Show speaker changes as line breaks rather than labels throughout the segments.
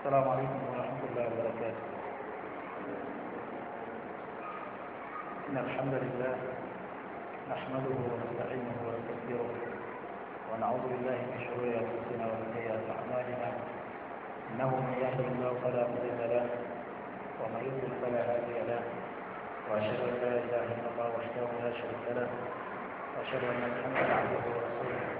السلام عليكم ورحمة الله وبركاته إن الحمد لله نحمده ونستعينه ونستغفره ونعوذ بالله من شرور أنفسنا وسيئات أعمالنا
إنه من يهد الله فلا مضل له ومن يضلل فلا هادي له وأشهد أن لا إله إلا الله وحده لا شريك له وأشهد أن محمدا عبده ورسوله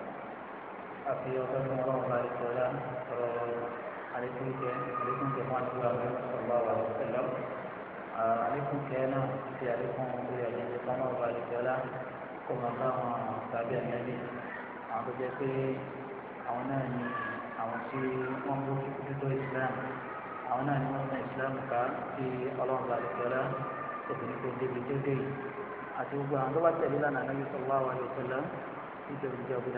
àfi ọjọ́ fún ọlọ́run bá ètò ọ̀la sọ̀rọ̀ àlékúnkẹ́ àlékúnkẹ́ fún àdúgbò àwọn ọ̀gbà wà lọ́sẹ̀lọ́ àlékúnkẹ́ náà ti àlékún orí àjẹjẹ fún ọlọ́run bá ètò ọ̀la kó máa bá àwọn tàbí àyẹ̀lẹ̀ àwọn tó jẹ́ pé àwọn náà ni àwọn tí wọ́n bó dúdú Islam àwọn náà ni wọ́n Islam ká sí ọlọ́run bá ètò ọ̀la obìnrin tó débi tó dé yìí àti gbogbo àwọn tó bá tẹ̀lé lánàá níbi sọ̀rọ̀ àwọn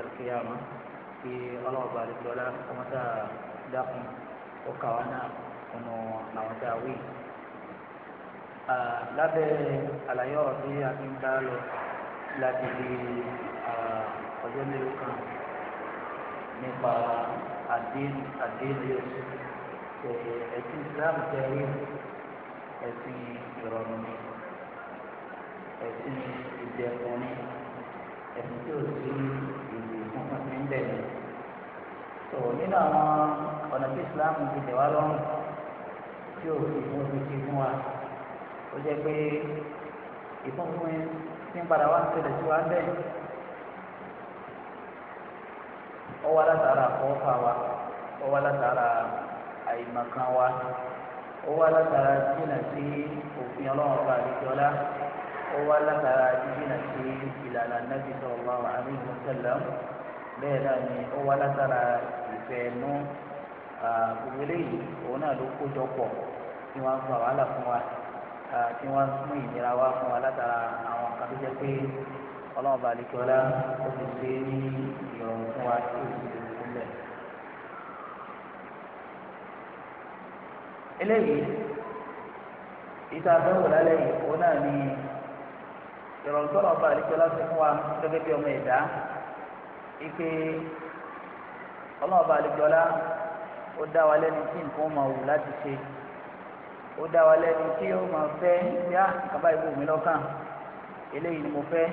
àlè kí ọlọ́ọ̀bà àdìsọ́lá ọmọọta dákun ó kà wá náà nínú àwọn tá a wí. lábẹ́ àlàyé ọ̀rọ̀ tí a fi ń dá lọ láti di ọjọ́ mélòó kan
nípa àdéhùn àdéhùn yóò ẹ̀sìn Islam tẹ̀ rí ẹ̀sìn ìrọ̀rùn ni ẹ̀sìn ìdẹ̀kùn ni ẹ̀sìn tí ò sí nǹkan ti
ń bẹ̀rẹ̀ tó nínú àwọn ọ̀nà tí Islam ti tẹ̀ wá lọ́rùn tí ò fi fún fi ti fún wa ó jẹ́ pé ìfúnfún ní padà wá ń ṣẹlẹ̀ sí wa bẹ́ẹ̀ ó wá látara àkọ́fà wa ó wá látara àìmọ̀kan wa ó wá látara jìnnà sí òfin ọlọ́run ọba àdìjọ́lá ó wá látara jìnnà sí ìlànà nàbì sallallahu alaihi wasallam. bẹ́ẹ̀ náà ni ó wá látara ìfẹ́ ẹnu òun náà ló kójọ pọ̀ tí wọ́n fún wa tí wọ́n ń mú ìnira wá fún wa látara àwọn kan tó jẹ́ pé ọlọ́run ó ti ṣe
é ní ìrọ̀rùn
fún wa tí ó ti eléyìí ìta àbẹ̀wò lálẹ́ yìí òun náà ni ìrọ̀rùn ipe ọlọ́ọ̀bá àlejòọ́lá ó dá wa lẹ́nu tí nǹkan máa wù láti ṣe ó dá wa lẹ́nu tí ó máa fẹ́ yá kaba ìbò mi lọ́kàn eléyìí ni mo fẹ́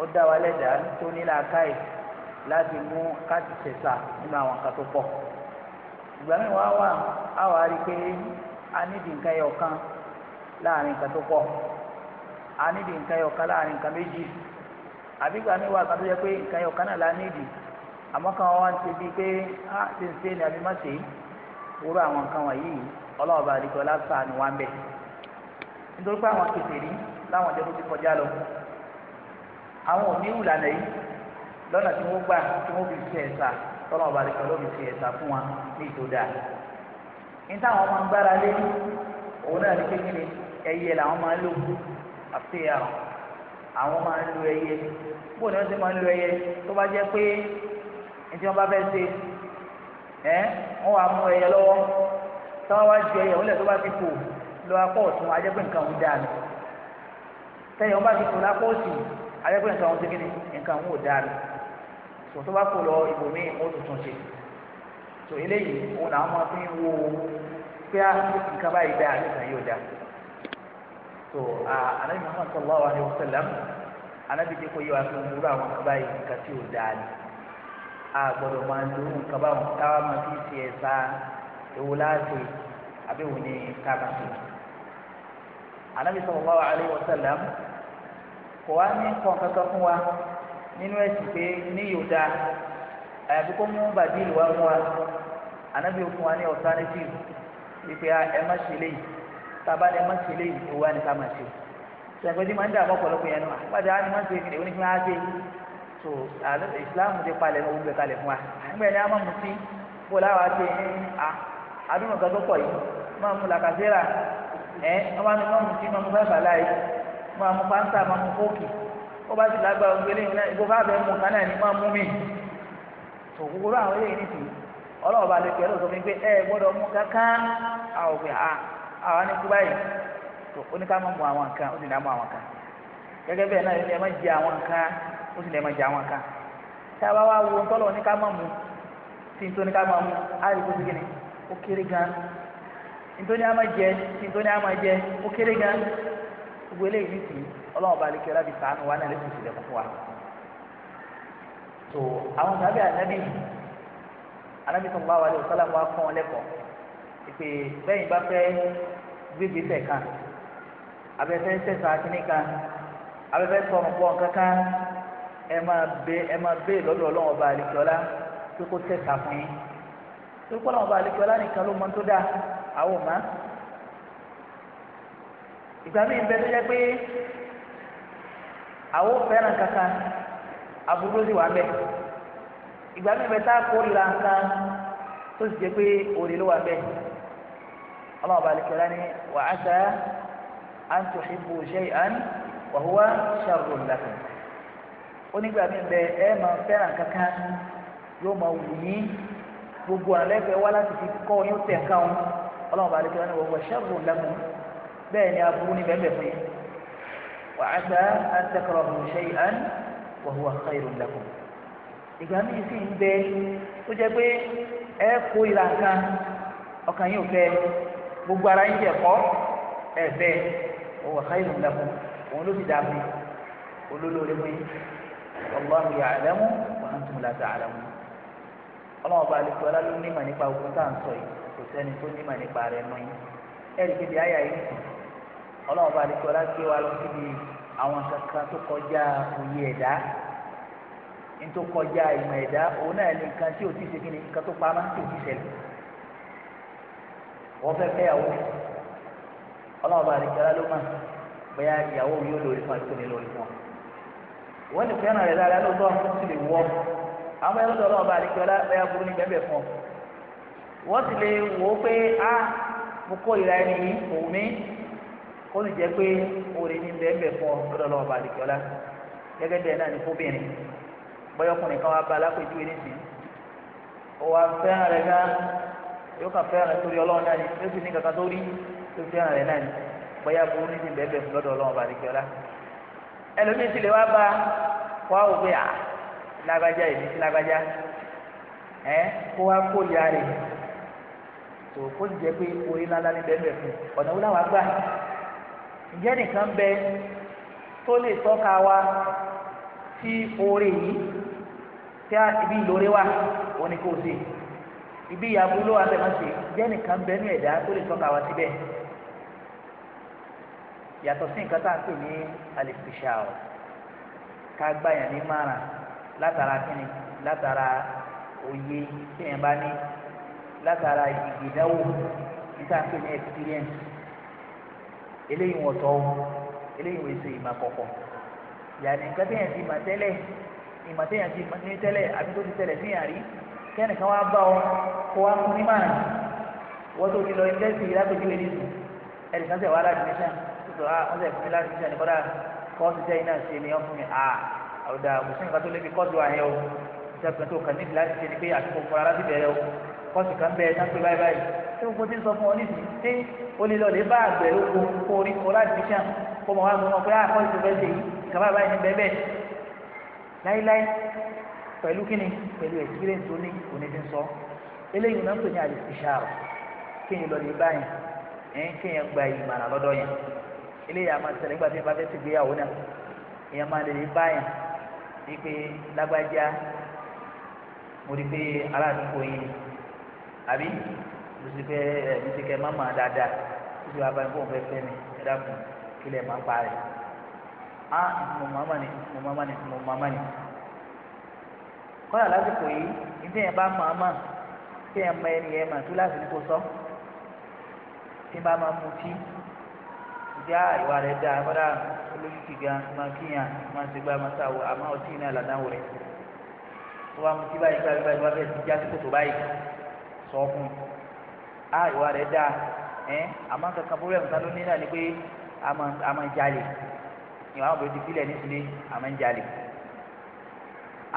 ó dá wa lẹ́dàá tó ní làákàyè láti mú káàtì ṣẹ̀ṣà nínú àwọn kan tó pọ̀ ìgbà mi wá wà á wà á rí i pé a nídìí nǹkan ẹyọ kan láàrin nǹkan tó pọ̀ a nídìí nǹkan ẹyọ kan láàrin nǹkan méjì àbí gbà mí wà kan tó yẹ pé nǹkan yẹn ọ̀kan náà la ní ìdì àmọ́ kan wọ́n ti di pé á ti ń ṣe ni àbí má ṣe wúrọ̀ àwọn nǹkan wọ̀nyí ọlọ́ọ̀bà àdìgbò lásàánù wa ń bẹ̀ nítorí pé àwọn kèfèrí láwọn ọjọ́ tó ti kọjá lọ àwọn ò ní ìwùlànà yìí lọ́nà tí wọ́n gbà tí wọ́n fi ṣe ẹ̀sà tọ́lọ̀ ọba àdìgbò ló fi ṣe ẹ̀sà fún wa ní ìtòdà ní àwọn máa ẹyẹ bó ni wọ́n ti máa ń lo ẹyẹ tó bá jẹ́ pé ní tí wọ́n bá fẹ́ ṣe ẹ́ wọ́n wàá mú ẹyẹ lọ́wọ́ táwọn wá ju ẹyẹ òun tó bá ti fò lọ apá ọ̀tún ajẹ́ pé nǹkan òun dáa nù tẹ́yìn wọ́n bá ti fò lápá òsì ajẹ́ pé nǹkan òun ti kíni nǹkan òun ò dáa nù tó tó bá fò lọ ibòmíì ó tuntun ṣe tó eléyìí òun làwọn máa fi ń wo pé nǹkan báyìí dáa nǹkan yóò dáa tó àlẹ́ mi máa sọ lọ́wọ́ àdéhùn sẹ́lẹ̀mù alábìjẹ kò yẹ wá fún gbogbo àwọn kaba yìí nǹkan tí o dáa ni a gbọ́dọ̀ máa lo kaba wọn káwa máa fi ṣe ẹ̀sà ewu láti àbẹ̀wò ní káàmà tó. Ànábì sallallahu alaihi wasallam kò wá ní kàn kankan fún wa nínú ẹ̀sìn pé ní yóò dáa àyàfi kó mú bàbí ìlú wa mú wa Ànábì fún wa ní alternative wípé ẹ má ṣe léyìí tábà ní ẹ má ṣe léyìí ewu wa ni ká máa ṣe sẹ̀gbẹ́dì máa ń dààmú ọ̀pọ̀lọpọ̀ yẹn nù wá pàdé àwọn ìmọ̀ ṣe kìnìún nípa ṣe so àlọ́ ìsìláàmù ti palẹ̀ ní ogun kalẹ̀ fún wa nígbà yẹn a máa mú sí kó láwa ṣe à àdúgbò kan tó pọ̀ yìí máa mú làkàṣẹ́rà ẹ̀ wọ́n máa mú sí máa mú fáfà láì máa mú fáńtà máa mú kóòkì ó bá sì lágbára gbélé ìgbó fáfẹ́ mú kánà ní máa mú mi so gbogbo àwọn eléyìí nìkì ọlọ́ọ̀bá lè pẹ̀lú òṣòfin pé ẹ gbọ́dọ̀ mú kankan àwọn òfin à àwọn ní tó ó ní ká má mu àwọn nǹkan ó sì ní na mu àwọn nǹkan gẹ́gẹ́ bẹ́ẹ̀ náà ẹ má jẹ àwọn nǹkan ó sì ní ẹ má jẹ àwọn nǹkan tá a bá wá wo tí ntọ́ á rí ó kéré gan ntọ́ ní á má jẹ tí ntọ́ ní á má jẹ ó kéré gan gbogbo eléyìí ní tì bá wa náà lè fún wa
tó àwọn
ànábì ànábì tó ń bá wa lè wa abẹ́fẹ́ sẹ̀sà kìnìkan abẹ́fẹ́ sọ̀rọ̀ pọ̀ kankan ẹ máa bẹ ẹ máa bẹ lọ́dọ̀ ọlọ́run ọba àlekíọ́lá pé kó sẹ̀sà fún yín tó kọ́ ọlọ́run ọba àlekíọ́lá nìkan ló mọ tó dáa àwọn ọ̀ma ìgbà míì bẹ tó jẹ́ pé àwọn fẹ́ràn kankan aburú sì wà bẹ́ẹ̀ ìgbà míì bẹ tá a kó ìlà kan tó sì jẹ́ pé òde ló wà bẹ́ẹ̀ ọlọ́run ọba àlekíọ́lá ni wàá sá an tuhibbu shay'an wa huwa sharrun lakum onígbà mi bẹ ẹ máa fẹ́ràn kankan yóò máa wù yín gbogbo àlẹ́fẹ̀ẹ́ wá láti fi kọ́ yóò tẹ̀ ká wọn ọlọ́run bá dẹ́kẹ́ wọn ni wọ́n wọ sharrun lakum bẹ́ẹ̀ ni aburú ni bẹ́ẹ̀ bẹ́ẹ̀ fún yín wa asa an takrahu shay'an wa huwa khayrun lakum ìgbà mi sì ń bẹ tó jẹ́ pé ẹ kó ìlànà ọkàn yóò fẹ́ gbogbo ara yín jẹ̀ kọ́ ẹ̀ bẹ́ẹ̀ owó xayiru lẹ́kùn òun ló ti dà fún olólórí fún yín ọlọ́run yà àlẹ́mú wọn tún là tà àlẹ́mú ọlọ́run bá alẹ́ fúlá ló nímọ̀ nípa ogun tá à ń sọ yìí kò sẹ́ni tó nímọ̀ nípa rẹ̀ mọ́ yín ẹ̀rí kébi àyà yìí sùn ọlọ́run bá alẹ́ fúlá gbé wa lọ síbi àwọn kankan tó kọjá òye ẹ̀dá nítorí tó kọjá ìmọ̀ ẹ̀dá òun náà ní nǹkan tí ò ti ṣe kí ni nǹkan tó pamọ́ tí ò ti ṣẹlẹ̀ wọ́n fẹ́ fẹ́ yàwó ọlọ́wọ́ bá rí kẹ́lá ló mà bóyá ìyàwó yóò lórí fún lórí fún ọ. wọ́n fẹ́ràn rẹ̀ lè wọ́ àwọn ẹ̀rọ tó bá rí burú ní bẹ́ẹ̀ fún ọ. wọ́n lè wò ó pé a mo kó ìra ẹni yìí kò mí kó sì jẹ́ pé orin ní bẹ́ẹ̀ fún ọ lọ́dọ̀ ọlọ́wọ́ bá rí kẹ́lá gẹ́gẹ́ bẹ́ẹ̀ náà fóbìnrin bọ́yọ̀kùnrin kan wá bá tó fẹ́ràn rẹ̀ náà ni bóyá burú ní ìsìn bẹ́ẹ̀ lọ́dọ̀ ọlọ́run bàdí kí ọlá ẹlòmíín ti lè wá bá wá wò pé à lágbájá èmi sí lágbájá ẹ kó wá kó lè arè tó kó ti jẹ pé orí ńlá ní bẹ́ẹ̀ bẹ́ẹ̀ fún ọ̀nà wo láwa gbà ǹjẹ́ nìkan bẹ tó lè tọ́ka wa sí orí yìí tí ibi ìlórí wa òun ni kò sí ibi ìyàbú ló wà ǹjẹ́ nìkan bẹ ní ẹ̀dá tó lè tọ́ka wa síbẹ̀ yàtọ̀ sí nǹkan tá à ń pè ní alìsíṣà o ká gbàyàn ní márùn látara kíni látara òye tíyẹn bá ní látara ìgbìnáwó níta ń pè ní experience eléyìí wọ́n tọ́ eléyìí wọ́n èso ìmọ̀ kọ̀kọ̀ yàtọ̀ nǹkan tíyẹn ti mà tẹ́lẹ̀ ìmọ̀ tíyẹn ti ní tẹ́lẹ̀ àbí tó ti tẹ́lẹ̀ tíyẹn rí kẹ́nìkan wá bá ọ kó wá fún ní márùn wọ́n tó ti lọ ilé sí i látòjú ẹni sùn wá láti ní sàn sọ ah wọ́n sẹ̀ fún mi láti ṣe àníkọ́dá kọ́ọ̀sì tẹ́ iná ṣe ni wọ́n fún mi ah àwùdà kùsùn nǹkan tó lébi kọ́ọ̀sì wà yẹn o ṣe àpẹẹrẹ tó kàn níbi láti ṣe ni pé àtúkò fún ara ti bẹ̀rẹ̀ o kọ́ọ̀sì kan bẹ̀rẹ̀ sáńpé báyìí báyìí tí gbogbo ti sọ fún ọ nísìnyí tí ó lè lọ lè bá àgbẹ̀ lóko kó orí kó láti ṣàn kó mọ̀ wá mọ̀ wọn pé ah kọ́ọ̀sì tó fẹ́ ṣe yìí kàbá báyìí ní bẹ́ẹ̀ bẹ́ẹ̀ eléyìí a máa ṣẹlẹ̀ nígbà tí ẹ bá fẹ́ ti gbéyàwó náà èèyàn máa lè rí báyà wípé lágbájá mo rí pé ará àdúgbò yìí ni àbí mo sì fẹ́ ẹ̀ mi ti kẹ́ má máa dáadáa mo sì wá báyìí fóun fẹ́ fẹ́ mi ẹ dákun kílẹ̀ máa ń parẹ́ á mo máa mà ní mo máa mà ní mo máa mà ní. kọ́lá lásìkò yìí ní tí bá máa mà tí yẹn mọ ẹni yẹn mà tó láti ní kó sọ tí yẹn bá máa mutí ìdá ìwà rẹ̀ dáa kọ́dà olójútì gan máa kíyàn máa ṣe gbá máa ṣàwọ̀ àmọ́ ọtí náà làdáwọ̀ rẹ̀ tó wàá mú sí báyìí báyìí báyìí wàá bẹ̀rẹ̀ sí já sí kòtò báyìí sọ fún un á ìwà rẹ̀ dáa ẹ̀ àmọ́ kankan búrẹ́mù kan ló ní náà ni pé àmọ́ jalè ìwà àwọn obìnrin ti filẹ̀ nísìlẹ̀ àmọ́ jalè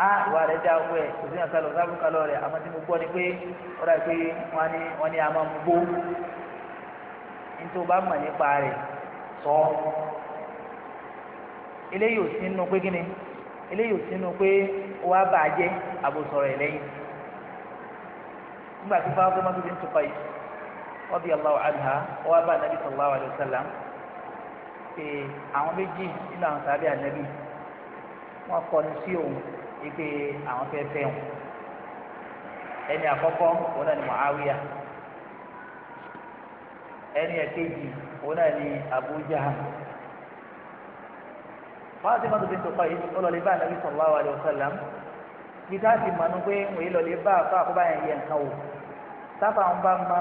á ìwà rẹ̀ dáa wẹ̀ kò sí àkàlọ̀ sábùkàlọ̀ rẹ̀ àmọ́ tí mo gbọ́ ni pé ọ̀rọ̀ àìpé wọn ni àmọ́ mú gbó nítorí ó sọ ọ́ eléyìí ò sí nínú pé kíni eléyìí ò sí nínú pé wàá bà á jẹ́ àbòsọ̀rọ̀ ẹ̀ lẹ́yìn nígbà tí fáwọn anabi sallallahu alayhi wa sallam pé àwọn méjì nínú àwọn sábẹ́ anabi wọ́n kọni sí òun ipe àwọn fẹ́ fẹ́ wọn ẹni wọn náà ni ẹni òun náà ni Abu Jahal Fatima bint Qais ọlọ́lẹ̀ bá anabi sallallahu alaihi wasallam bí ká sì mọ̀nú pé wọ́n yé lọ́lẹ̀ bá àfa àkọ́bá yẹn yẹ nǹkan wò sábà ń bá ma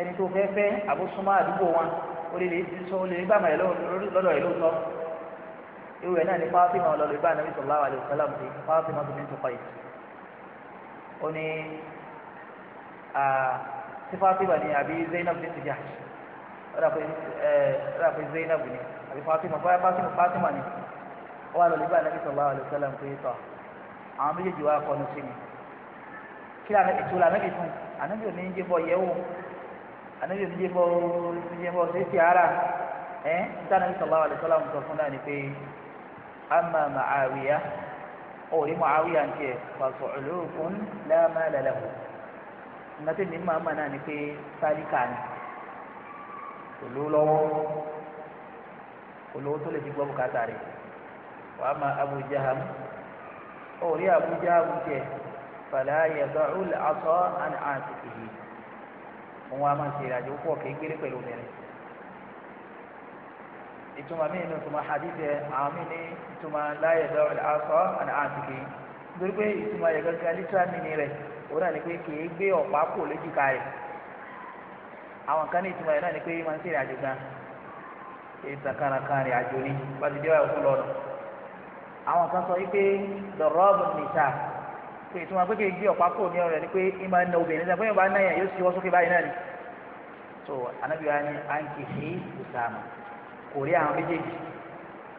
ẹni tó fẹ́ fẹ́ àbúsùnmọ́ àdúgbò wọn ó lè lè sọ ó lè bá ma yẹn lọ́dọ̀ yẹn lóòótọ́ irú ẹ̀ náà ni Fatima ọlọ́lẹ̀ bá anabi sallallahu alaihi wasallam ti Fatima bint Qais ó ní sífàtìmọ̀ ni àbí Zainab bint Jahsh ràpẹ ẹ ràpẹ Zainab ni àbí Fatima báyà Fatima Fatima ni ó wà lọ nígbà nàbí sallallahu alaihi wasallam pé tọ àwọn méjèèjì wà kọnu sí mi kí lànà ètò lànà ètò ànábì ò ní jẹ bọ yẹwò ànábì ò ní jẹ bọ ní jẹ bọ ṣe ti ara ẹ níta nàbí sallallahu alaihi wasallam sọ fún náà ni pé amma Muawiya ó rí Muawiya ń tiẹ pàṣọ olóògùn la lahu nǹkan tẹ̀mí ma náà ni pé sálíkà ni kò lówó lọ́wọ́ kò lówó tó lè fi gbọ́ bùkátà rẹ̀ wàá ma Abu Jaham ó rí Abu Jaham jẹ fàlàyé dọ́ọ̀lù asọ́ àti àti kìí òun a máa ṣe ìrìnàjò pọ̀ kì í gbélé pẹ̀lú obìnrin ìtumọ̀ mí inú ìtumọ̀ hadith àwọn mí ní ìtumọ̀ láyé dọ́ọ̀lù asọ́ àti àti kìí nítorí pé ìtumọ̀ yẹ gẹ́gẹ́ lítírà ni rẹ̀ òun náà ni pé kì í gbé ọ̀pá kò lójúka rẹ̀ àwọn kan ní ìtumọ̀ yẹn náà ni pé máa ń sèrè àjò gan ìsàkàràkàrì àjò ni pàṣẹ jẹ́ òkú lọ́nà àwọn kan sọ wípé dọ̀rọ́ọ̀bù nìta pé ìtumọ̀ pé kéèké ọ̀pá kò ní ọ̀rẹ́ ni pé ìmọ̀ ẹ̀nà obìnrin náà fún yorùbá náà yóò ṣíwọ́ sókè báyìí náà ni so anabi wa ni à ń kì í ìsàmù kò rí àwọn méjèèjì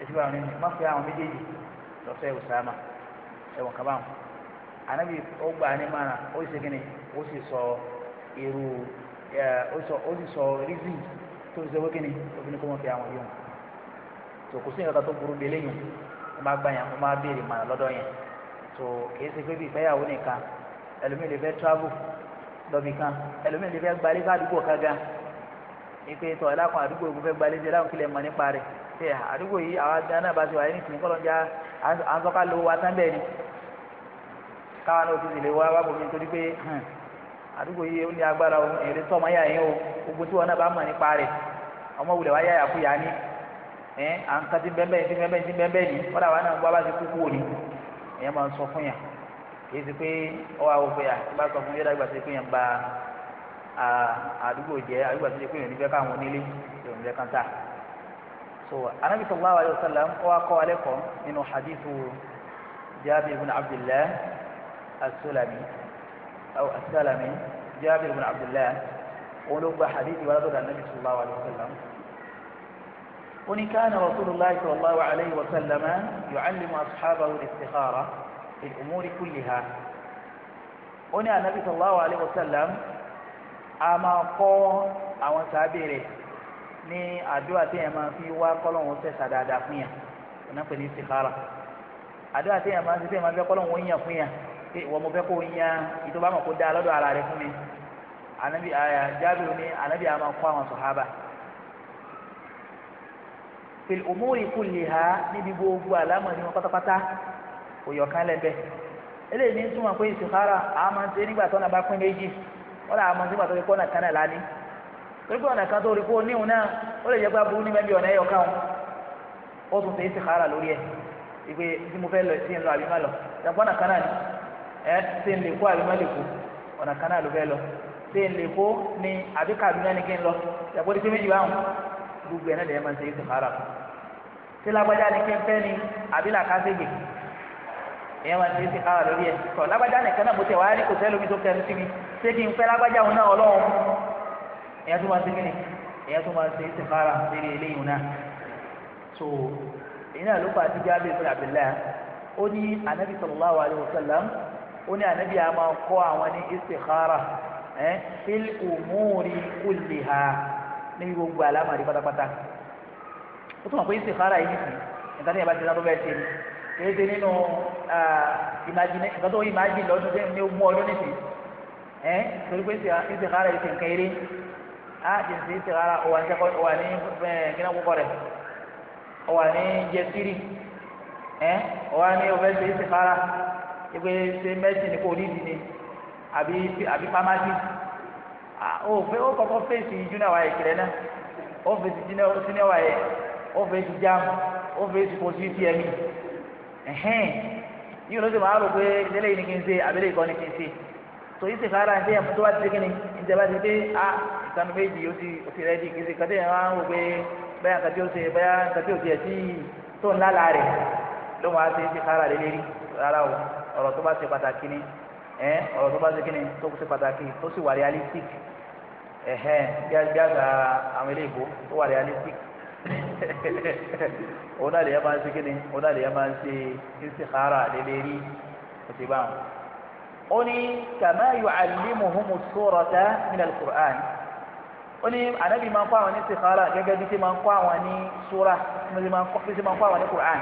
èsì báwọn ni má fi àwọn méjèèjì lọ́fẹ́ ìsàmù ẹ̀wọ̀n kàbáwọn anabi ó gbà ní mara ó sì kíni ó sọ ó sì sọ rízì tó fi sọ wé kíni tó fi ní kó wọn fi àwọn yòó tó kò sí nǹkan tó burú bí eléyìí wọn máa gbà yẹn wọn máa béèrè màrà lọ́dọ̀ yẹn tó kìí ṣe pé bí ìfẹ́yàwó nìkan ẹlòmíì lè fẹ́ travel lọ́bì kan ẹlòmíì lè fẹ́ gbalé fún àdúgbò kága ipe tọ ẹlẹ́kùn àdúgbò ìgbò fẹ́ gbalé jẹ láwọn kílẹ̀ mọ̀ nípa rẹ̀ ṣe àdúgbò yìí àwọn adé náà bá ti wà ní ìsìn kọ́lọ́njà à ń sọ́ká lo wa tán bẹ́ẹ̀ ni káwọn náà ti sì lè wá wá bòmí nítorí pé àdúgbò yìí ó ní agbára o èrè tọ́ ọmọ yà yín o gbogbo tí wọn náà bá mọ̀ nípa rẹ̀ ọmọ wulẹ̀ wá yáyà fúyà ní ẹ à ń kàtí bẹ́ẹ̀ ti bẹ́ẹ̀ ti bẹ́ẹ̀ ní wọ́n dàbọ̀ náà wọ́n bá ti kúkú òní ẹ̀yẹ́ máa ń sọ fún yà kìí ti pé ọwọ́ àwọn òfin yà tí bá sọ fún yẹ́ dàgbà sí pé yẹn ba àdúgbò jẹ́ àdúgbò àti pé yẹn nífẹ̀ẹ́ káwọn onílé yẹn nífẹ̀ẹ́ kan tà so anabi sallallahu alayhi wa sallam أو السلمي جابر بن عبد الله ولقى حديث ولد النبي صلى الله عليه وسلم وإن كان رسول الله صلى الله عليه وسلم يعلم أصحابه الاستخارة في الأمور كلها هنا النبي صلى الله عليه وسلم أما قوم أو سابره ni àdúrà téèyàn máa fi wá kọ́lọ́hún sẹ̀sà dáadáa fún yàn ọ̀nà pẹ̀lú istikhara àdúrà téèyàn máa fi téèyàn máa fi kọ́lọ́hún yàn fún yàn pé ìwọ mo fẹ́ kó yan ìtọ́ba mọ̀ kó dá lọ́dọ̀ ara rẹ fún mi anabi aya jábìrì ní anabi àmà kó àwọn sọ̀hábà fil umuri kulliha níbi gbogbo àlámọ̀ ni wọn pátápátá kò yọ̀ kan lẹ́bẹ̀ eléyìí ní túmọ̀ pé istikhara àmọ́ ṣe nígbà tó náà bá pín méjì wọ́n lọ àmọ́ nígbà tó lè kó ọ̀nà kan náà lá ní torí pé ọ̀nà kan tó rí kó níhùn náà ó lè jẹ́ pé aburú ní mẹ́bí ọ̀nà ẹ̀yọ̀ kan ó tún ṣe istikhara lórí ẹ̀ ìgbé tí mo fẹ́ lọ sí ẹ̀ lọ àbí má lọ ìjàpọ̀ ọ̀nà kan náà ni ẹ ṣe ń lè kó àbí má lè kó ọ̀nà kan náà ló fẹ́ lọ ṣe ń lè kó ní àbí kàdúnyá ni kí n lọ ìyàgbọ́ ní pé méjì báwọn gbogbo ẹ̀ náà lè máa ṣe é sàkárà ṣé lágbájá ni kí n fẹ́ ni àbí làkàṣègbè
ìyẹn máa ṣe é sàkárà lórí ẹ̀ kọ̀ lágbájá
nìkan náà mo tẹ̀ wáyé ní kò sẹ́lómi tó kẹnu sí ṣé kí n fẹ́ lágbájá òun náà ọlọ́run ìyẹn tó máa ṣe kí ni tó máa ṣe é sàkárà lérí eléyìí náà so ìyẹn náà ló fà á ti fún Abdullahi ó ní anabi sallallahu alayhi wa sallam ó ní ànábì a máa kọ́ àwọn ní istikhara ẹ́ fil umuri kulliha níbi gbogbo àlámàrí pátápátá ó tún mọ̀ pé istikhara yìí nìkan nígbà tí yẹn bá ti dábọ́ bẹ́ẹ̀ ṣe ni kìí ṣe nínú ìgbà tó imagine lọ́dún tẹ́ ní ogún ọdún nìkan ẹ́ torí pé istikhara yìí ti nǹkan eré á jẹ̀sí istikhara ọ̀wà ní kíná rẹ̀ ọ̀wà ní jẹ́sírì ẹ́ ọ̀wà ní ọ̀fẹ́ ṣe istikhara ìpè ṣe mẹ́sìn kò nídìí ni àbí àbí pàmájì ó fẹ́ ó kọ́kọ́ fèsì júnior wáyé kìlẹ̀ náà ó fèsì senior wáyé ó fèsì jam ó fèsì kò sí tiẹ̀ mi ẹ̀hẹ́n yìí ló ti máa rò pé lélẹ́yìn ni kí n ṣe àbẹ́lẹ́ ìkọ́ ni kí n ṣe tó yìí ṣe kára ẹ̀ dẹ́yẹ̀ tó bá ti ṣe kí ìjẹ́ bá ti dé a ìkànnì méjì ó ti ó ti rẹ́ di kí n ṣe kàdé yẹn wá ń wò pé bẹ́ẹ̀ nǹkan tí ó ṣe bẹ́ẹ̀ nǹkan tí ó tiẹ̀ sí tó ńlá la rẹ̀ ló máa ṣe ṣe kára lé lérí rárá o ọ̀rọ̀ tó bá ṣe pàtàkì ni ẹ ọ̀rọ̀ tó bá ṣe kíni tó ṣe pàtàkì tó sì wà realistic ẹ̀hẹ́n bí àgbà àwọn ilé ìbò tó wà realistic òun náà lè yẹ máa ń ṣe kíni òun náà lè yẹ máa ń ṣe istikhara lélẹ́rí kò sí báwọn. ó ní kàmá yu'allimuhumu surata min al-Qur'an ó ní ànábì máa ń kọ́ àwọn ní istikhara gẹ́gẹ́ bí ti máa ń kọ́ àwọn ní sura bí ti máa ń kọ́ àwọn ní Qur'an.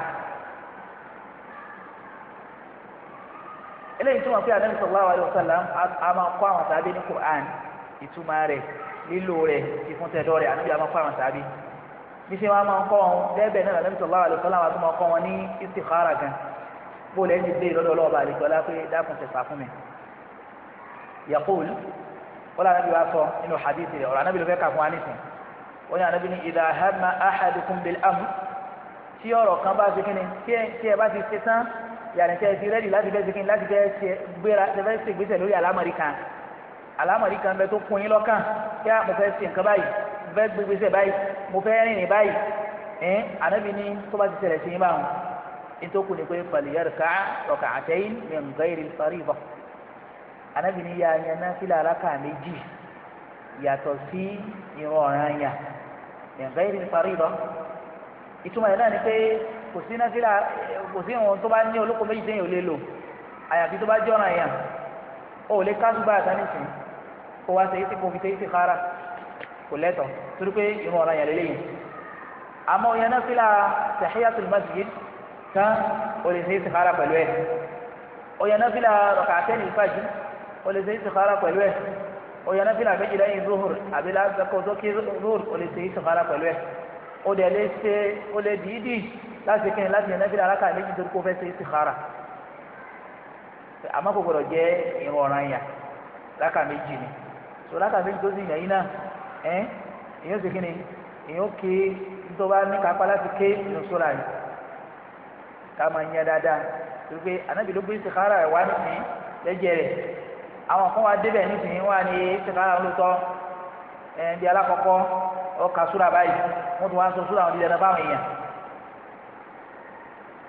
eléyìí túmọ̀ pé anabi sallallahu alayhi wa sallam a máa kọ́ àwọn sàbẹ̀ ní Qur'an ìtumọ̀ rẹ̀ lílo rẹ̀ ìfúntẹ̀dọ̀ rẹ̀ anabi a máa kọ́ àwọn sàbẹ̀ bísí wa máa ń kọ́ wọn bẹ́ẹ̀ náà anabi sallallahu alayhi wa sallam a tún máa kọ́ wọn ní istikhara gan bóòlù ẹni bẹ́ẹ̀ lọ́dọ̀ ọlọ́ọ̀bà àlejò ọlá pé dákun tẹ̀sà fún mi yaqul wọ́n anabi wa sọ nínú hadithi rẹ̀ ọ̀rọ̀ anabi ló fẹ́ kà fún wa nísìn wọ́n ní anabi ní idha hamma ahadukum bil tí ọ̀rọ̀ kan bá ti kíni tí ẹ bá ti ṣe tán yàrá ìṣe ti rẹ́dì láti fẹ́ sekin láti fẹ́ ṣe gbéra fẹ́ ṣe ìgbésẹ̀ lórí àlámọ̀rí kan àlámọ̀rí kan bẹ tó kún yín lọ́kàn kí a ah, mo fẹ́ ṣe nǹkan báyìí mo fẹ́ gbé gbèsè báyìí mo fẹ́ rìnrìn báyìí ẹ̀ẹ́n ànábì ní tó bá ti ṣẹlẹ̀ sí yín báwọn nítòkù ni pé pàlìyàrì ká ọ̀kà àtẹ́yìn ní nǹkan èrè parí bọ̀ ànábì ní ya yẹn náà fílà alákà méjì yàtọ̀ sí ìrọ̀ ọ̀ràn kò sí náfìlà kò sí ìwọ̀n tó bá ní olóko méjì téèyàn ò lè lò àyàfi tó bá jọ̀ràn èèyàn o ò lè káṣù bá àtàn nìsín kó wá ṣe é sí kó fi ṣe é sí kára kò lẹ́tọ̀ torí pé ìwọ̀n ọ̀ràn yẹn lélẹ́yìn àmọ́ ìyẹn náfìlà tahiyatul masjid tán o lè ṣe é sí kára pẹ̀lú ẹ̀ ìyẹn náfìlà rak'atayn al-fajr o lè ṣe sí kára pẹ̀lú ẹ̀ ìyẹn náfìlà méjì lẹ́yìn zuhur àbí lásìkò tó kí zuhur o lè ṣe sí kára pẹ̀lú ẹ̀ ó dẹ̀ lè ṣe ó lè dìídì láti kẹ́yìn láti yẹn nẹ́fìlà alákà méjì torí kó fẹ́ ṣe istikhara àmọ́ kò gbọdọ̀ jẹ́ ìrun ọ̀ràn yà lákà méjì ni so lákà méjì tó sì yàn yín náà ẹ́ èyàn ṣe kí ni èyàn ké tó bá ní kápá láti ké ìrun sóra yìí ká máa ń yẹ dáadáa torí pé ànábì ló gbé istikhara rẹ̀ wá nísìnyí lẹ́jẹ̀ rẹ̀ àwọn kan wá débẹ̀ nísìnyí wá ní istikhara lóòótọ́ ẹ̀ ọkà súra báyìí wọ́n tún wá sọ súra wọn di dandan báwọn èèyàn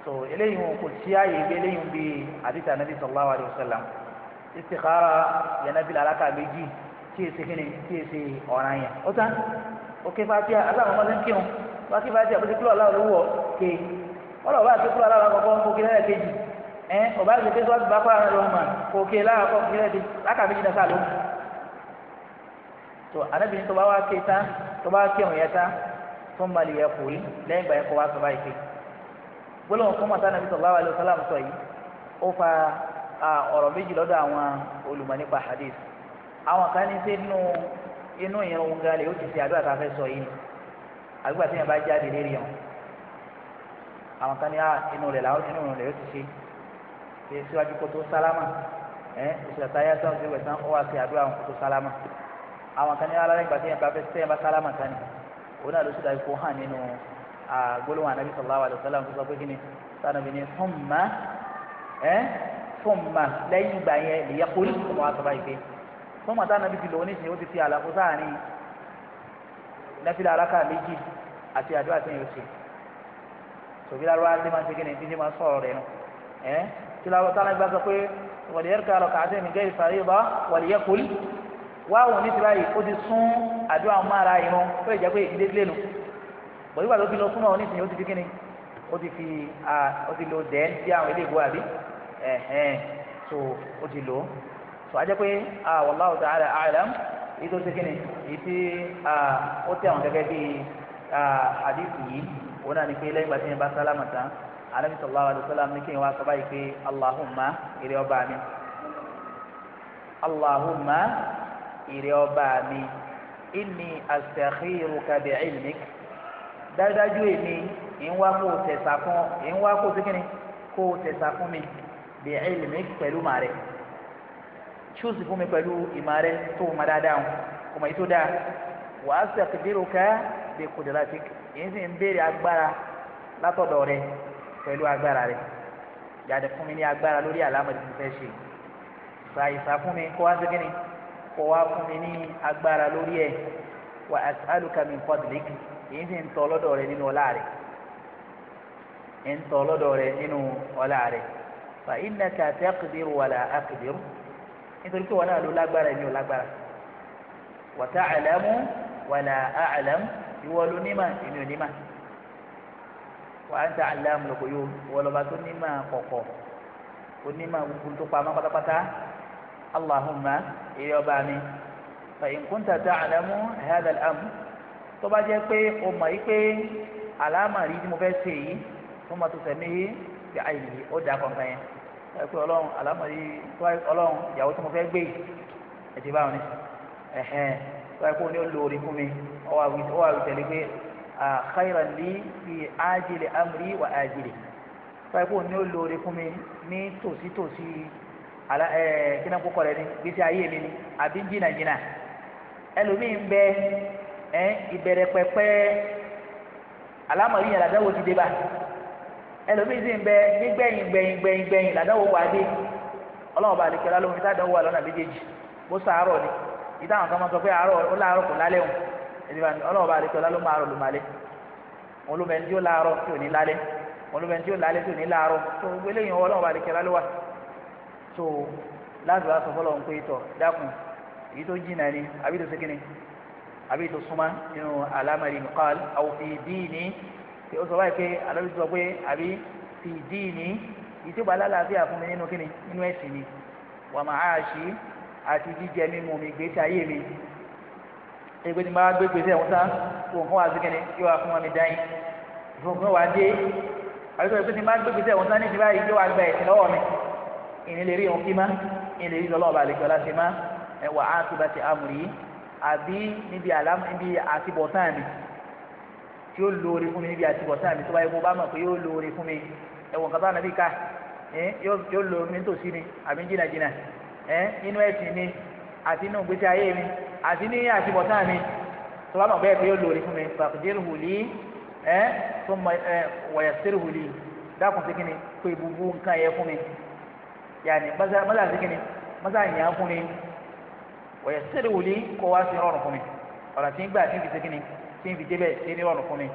so eléyìí wọn kò sí ààyè bí eléyìí bí àdìsá nàbí sallallahu alayhi wa sallam istikhara yanabila alaka méjì tí èsì kíni tí èsì ọ̀ràn yẹn ó tán òkè fàtíà aláwọ̀ ọmọdé ń kírun wọ́n kí fàtíà bóti kúrò aláwọ̀ lówó ké ọlọ́ bá ti kúrò aláwọ̀ àkọ́kọ́ kó kí lẹ́yìn kejì ẹ̀ ọba ti pé sọ́ọ́ ti bá kọ́ àwọn ẹ̀rọ ọmọ kó ké láàkọ́ kí lẹ́yìn lákàmì jìnnà sáà lóhùn tó anábìrin tó bá wá ké tán tó bá ké òun yẹn tán tó ń balẹ̀ yẹ kúrì lẹ́yìn ìgbà yẹn kó wá sọ báyìí pé gbólóhùn fún mọ̀tá nàbí sallallahu alaihi wasallam sọ yìí ó fa ọ̀rọ̀ méjì lọ́dọ̀ àwọn olùmọ̀ nípa hadith àwọn kan ní sí inú inú ìrun gan lè ó ti ṣe àdúrà tá a fẹ́ sọ yìí àgbà tí yẹn bá jáde lérí yẹn àwọn kan ní inú rẹ̀ làwọn inú rẹ̀ ó ti ṣe ṣe síwájú kó sálámà ẹ̀ òṣèlú àtàyà sáwọn ó wá ṣe àdúrà kó sálámà àwọn kan ní alárẹ̀ ìgbà tí yẹn bá fẹ́ sẹ́yìn bá sálámà kan ní òun náà ló sì dájú kó hàn nínú gbólóhùn anabi sallallahu alayhi wa sallam tó sọ pé kí ni fúnma ẹ fúnma lẹ́yìn ìgbà yẹn lè yẹ kórì ọmọ àtọ́ba ìgbé fúnma sanabi ti lò ó nísìnyí ó ti fi àlàfo sáàrin nàfìlà araka méjì àti àdúrà tí yóò ṣe sòfìlà rọ àti máa ń segin ní ti máa sọ̀rọ̀ rẹ̀ nù ẹ wáwù ní ti báyìí ó ti sún àdúrà ọmọ ara irun ó lè jẹ́ pé ìdílé sílẹ̀ nù pẹ̀lú ìgbà tó fi lọ súnmọ́ onísìnyí ó ti fi kíni ó ti fi ó ti lo dẹ́n sí àwọn ilé ìgbó àbí ẹ̀hẹ́n so ó ti lò ó so a jẹ́ pé wallahu ta'ala a'lam èyí tó ṣe kíni èyí tí ó tẹ̀ àwọn gẹ́gẹ́ bíi àdìsí yìí òun náà ni pé lẹ́yìn ìgbà tí yẹn bá sálámà tán anabi sallallahu alayhi wa sallam ní kí allahumma èrè ọba mi allahumma ìrẹ ọba mi inni astakhiruka bi ilmik dájúdájú èmi ń wá kó o tẹ̀sà fún ń wá kó o tẹ́kẹ́ni kó o tẹ̀sà fún mi bi ilmik pẹ̀lú màá rẹ̀ ṣúùsì fún mi pẹ̀lú ìmọ̀ rẹ̀ tó o ma dáadáa o kò mọ̀ ètò dáa wa astaqdiruka bi qudratik èyí sì ń béèrè agbára látọ̀dọ̀ rẹ̀ pẹ̀lú agbára rẹ̀ yàtọ̀ fún mi ní agbára lórí àlámọ̀ tí mo fẹ́ ṣe ṣàìsà fún mi kó wá tẹ́kẹ́ni kó wá fún mi ní agbára lórí ẹ̀ wà as'aluka min fadlik èyí sì ń tọ́ lọ́dọ̀ rẹ nínú ọlá rẹ ń tọ́ lọ́dọ̀ rẹ nínú ọlá rẹ fa innaka taqdiru wala aqdiru nítorí pé wọn náà ló lágbára èmi ò lágbára wa ta'lamu wala a'lam ìwọ ló nímà èmi ò nímà wa anta allamu lóko yóò wọlọba tó nímà kọ̀kọ̀ onímà gbogbo tó pa mọ́ pátápátá allahumma ìrẹ ọba mi fẹ̀yìn kúńtà tá àlámú hẹ́dà àmú tó bá jẹ́ pé o mọ̀ yí pé àlámà rí tí mo fẹ́ ṣe yìí tó mọ̀ tó sẹ̀mí yìí ti àyè yìí ó dà kankan yẹn ẹ pé ọlọ́run àlámà rí ọlọ́run ìyàwó tí mo fẹ́ gbé yìí ẹ ti báwọn ní ẹ̀hẹ́n tó bá yẹ kó o ní olóore fún mi ọ wà wí tẹ̀lé pé àkàìrà ní fi ájìlè amúrí wà ájìlè tó bá yẹ kó o ní olóore fún mi ní tòsítòsí ala ɛɛ eh, kí náà kókó rẹ ni gbèsè ayé mi ni àbí jìnnàjìnnà ẹlòmíì ń bẹ ẹ ìbẹ̀rẹ̀ pẹ̀pẹ̀ alámọ̀rí yẹn làdáwò ti dé bá ẹlòmíì sì ń bẹ nígbẹ̀yìn gbẹ̀yìn gbẹ̀yìn gbẹ̀yìn làdáwò wà ni so láti wá sọ fọlọ́ ń pé tọ̀ dákun èyí tó jìnnà ni àbí tó sékìnnì àbí tó súnmá nínú alámàrí nìkan àwòfin díìní tí ó sọ báyìí pé alábi sọ pé àbí fi díìní ìtìpá lálàáfíà fún mi nínú kíni nínú ẹ̀sìn mi wà máa ṣí àti jíjẹ mímu mi gbèsè ayé mi ẹgbẹ́ tí máa gbé gbèsè ẹ̀wọ̀n sá kò fún wa síkẹ́ni yóò wá fún wa mi dáyìn ìfowópamọ́ wa dé àbí sọ pé tí máa gbé gbèsè ẹ̀wọ̀n sá ní ti báyìí yóò wá gba ẹ̀sìn lọ́wọ́ ìní lè rí ohun kí má ìní lè rí lọ́lọ́ọ̀bà àlejò aláṣẹ má ẹ̀wà á ti bá ti amúrí yìí àbí níbi àlámù níbi àtibọ̀tán mi tí ó lóore fún mi níbi àtibọ̀tán mi tó bá yẹ kó bá mọ̀ pé yóò lóore fún mi ẹ̀wọ̀n kan bá nàbí ká yóò lóore mi tòsí mi àbí jìnnàjìnnà nínú ẹ̀sìn mi àti inú ìgbésí ayé mi àti ní àtibọ̀tán mi tó bá mọ̀ bẹ́ẹ̀ pé yóò lóore fún mi fàkùjẹ́rù hùlí tó mọ wọ̀yà sẹ́rù hùlí dákùn sí kí pé ibùbù nǹkan yẹ fún mi yàní mọ́sá mọ́sá sí kínní mọ́sá yàn án fún mi wọ̀yẹ̀ sẹ́rẹ̀ wòlé kọ́ wá sí rọrùn fún mi ọ̀rọ̀ tí ń gbà tí ń fi sí kínní tí ń fi débẹ̀ sí ní rọrùn fún mi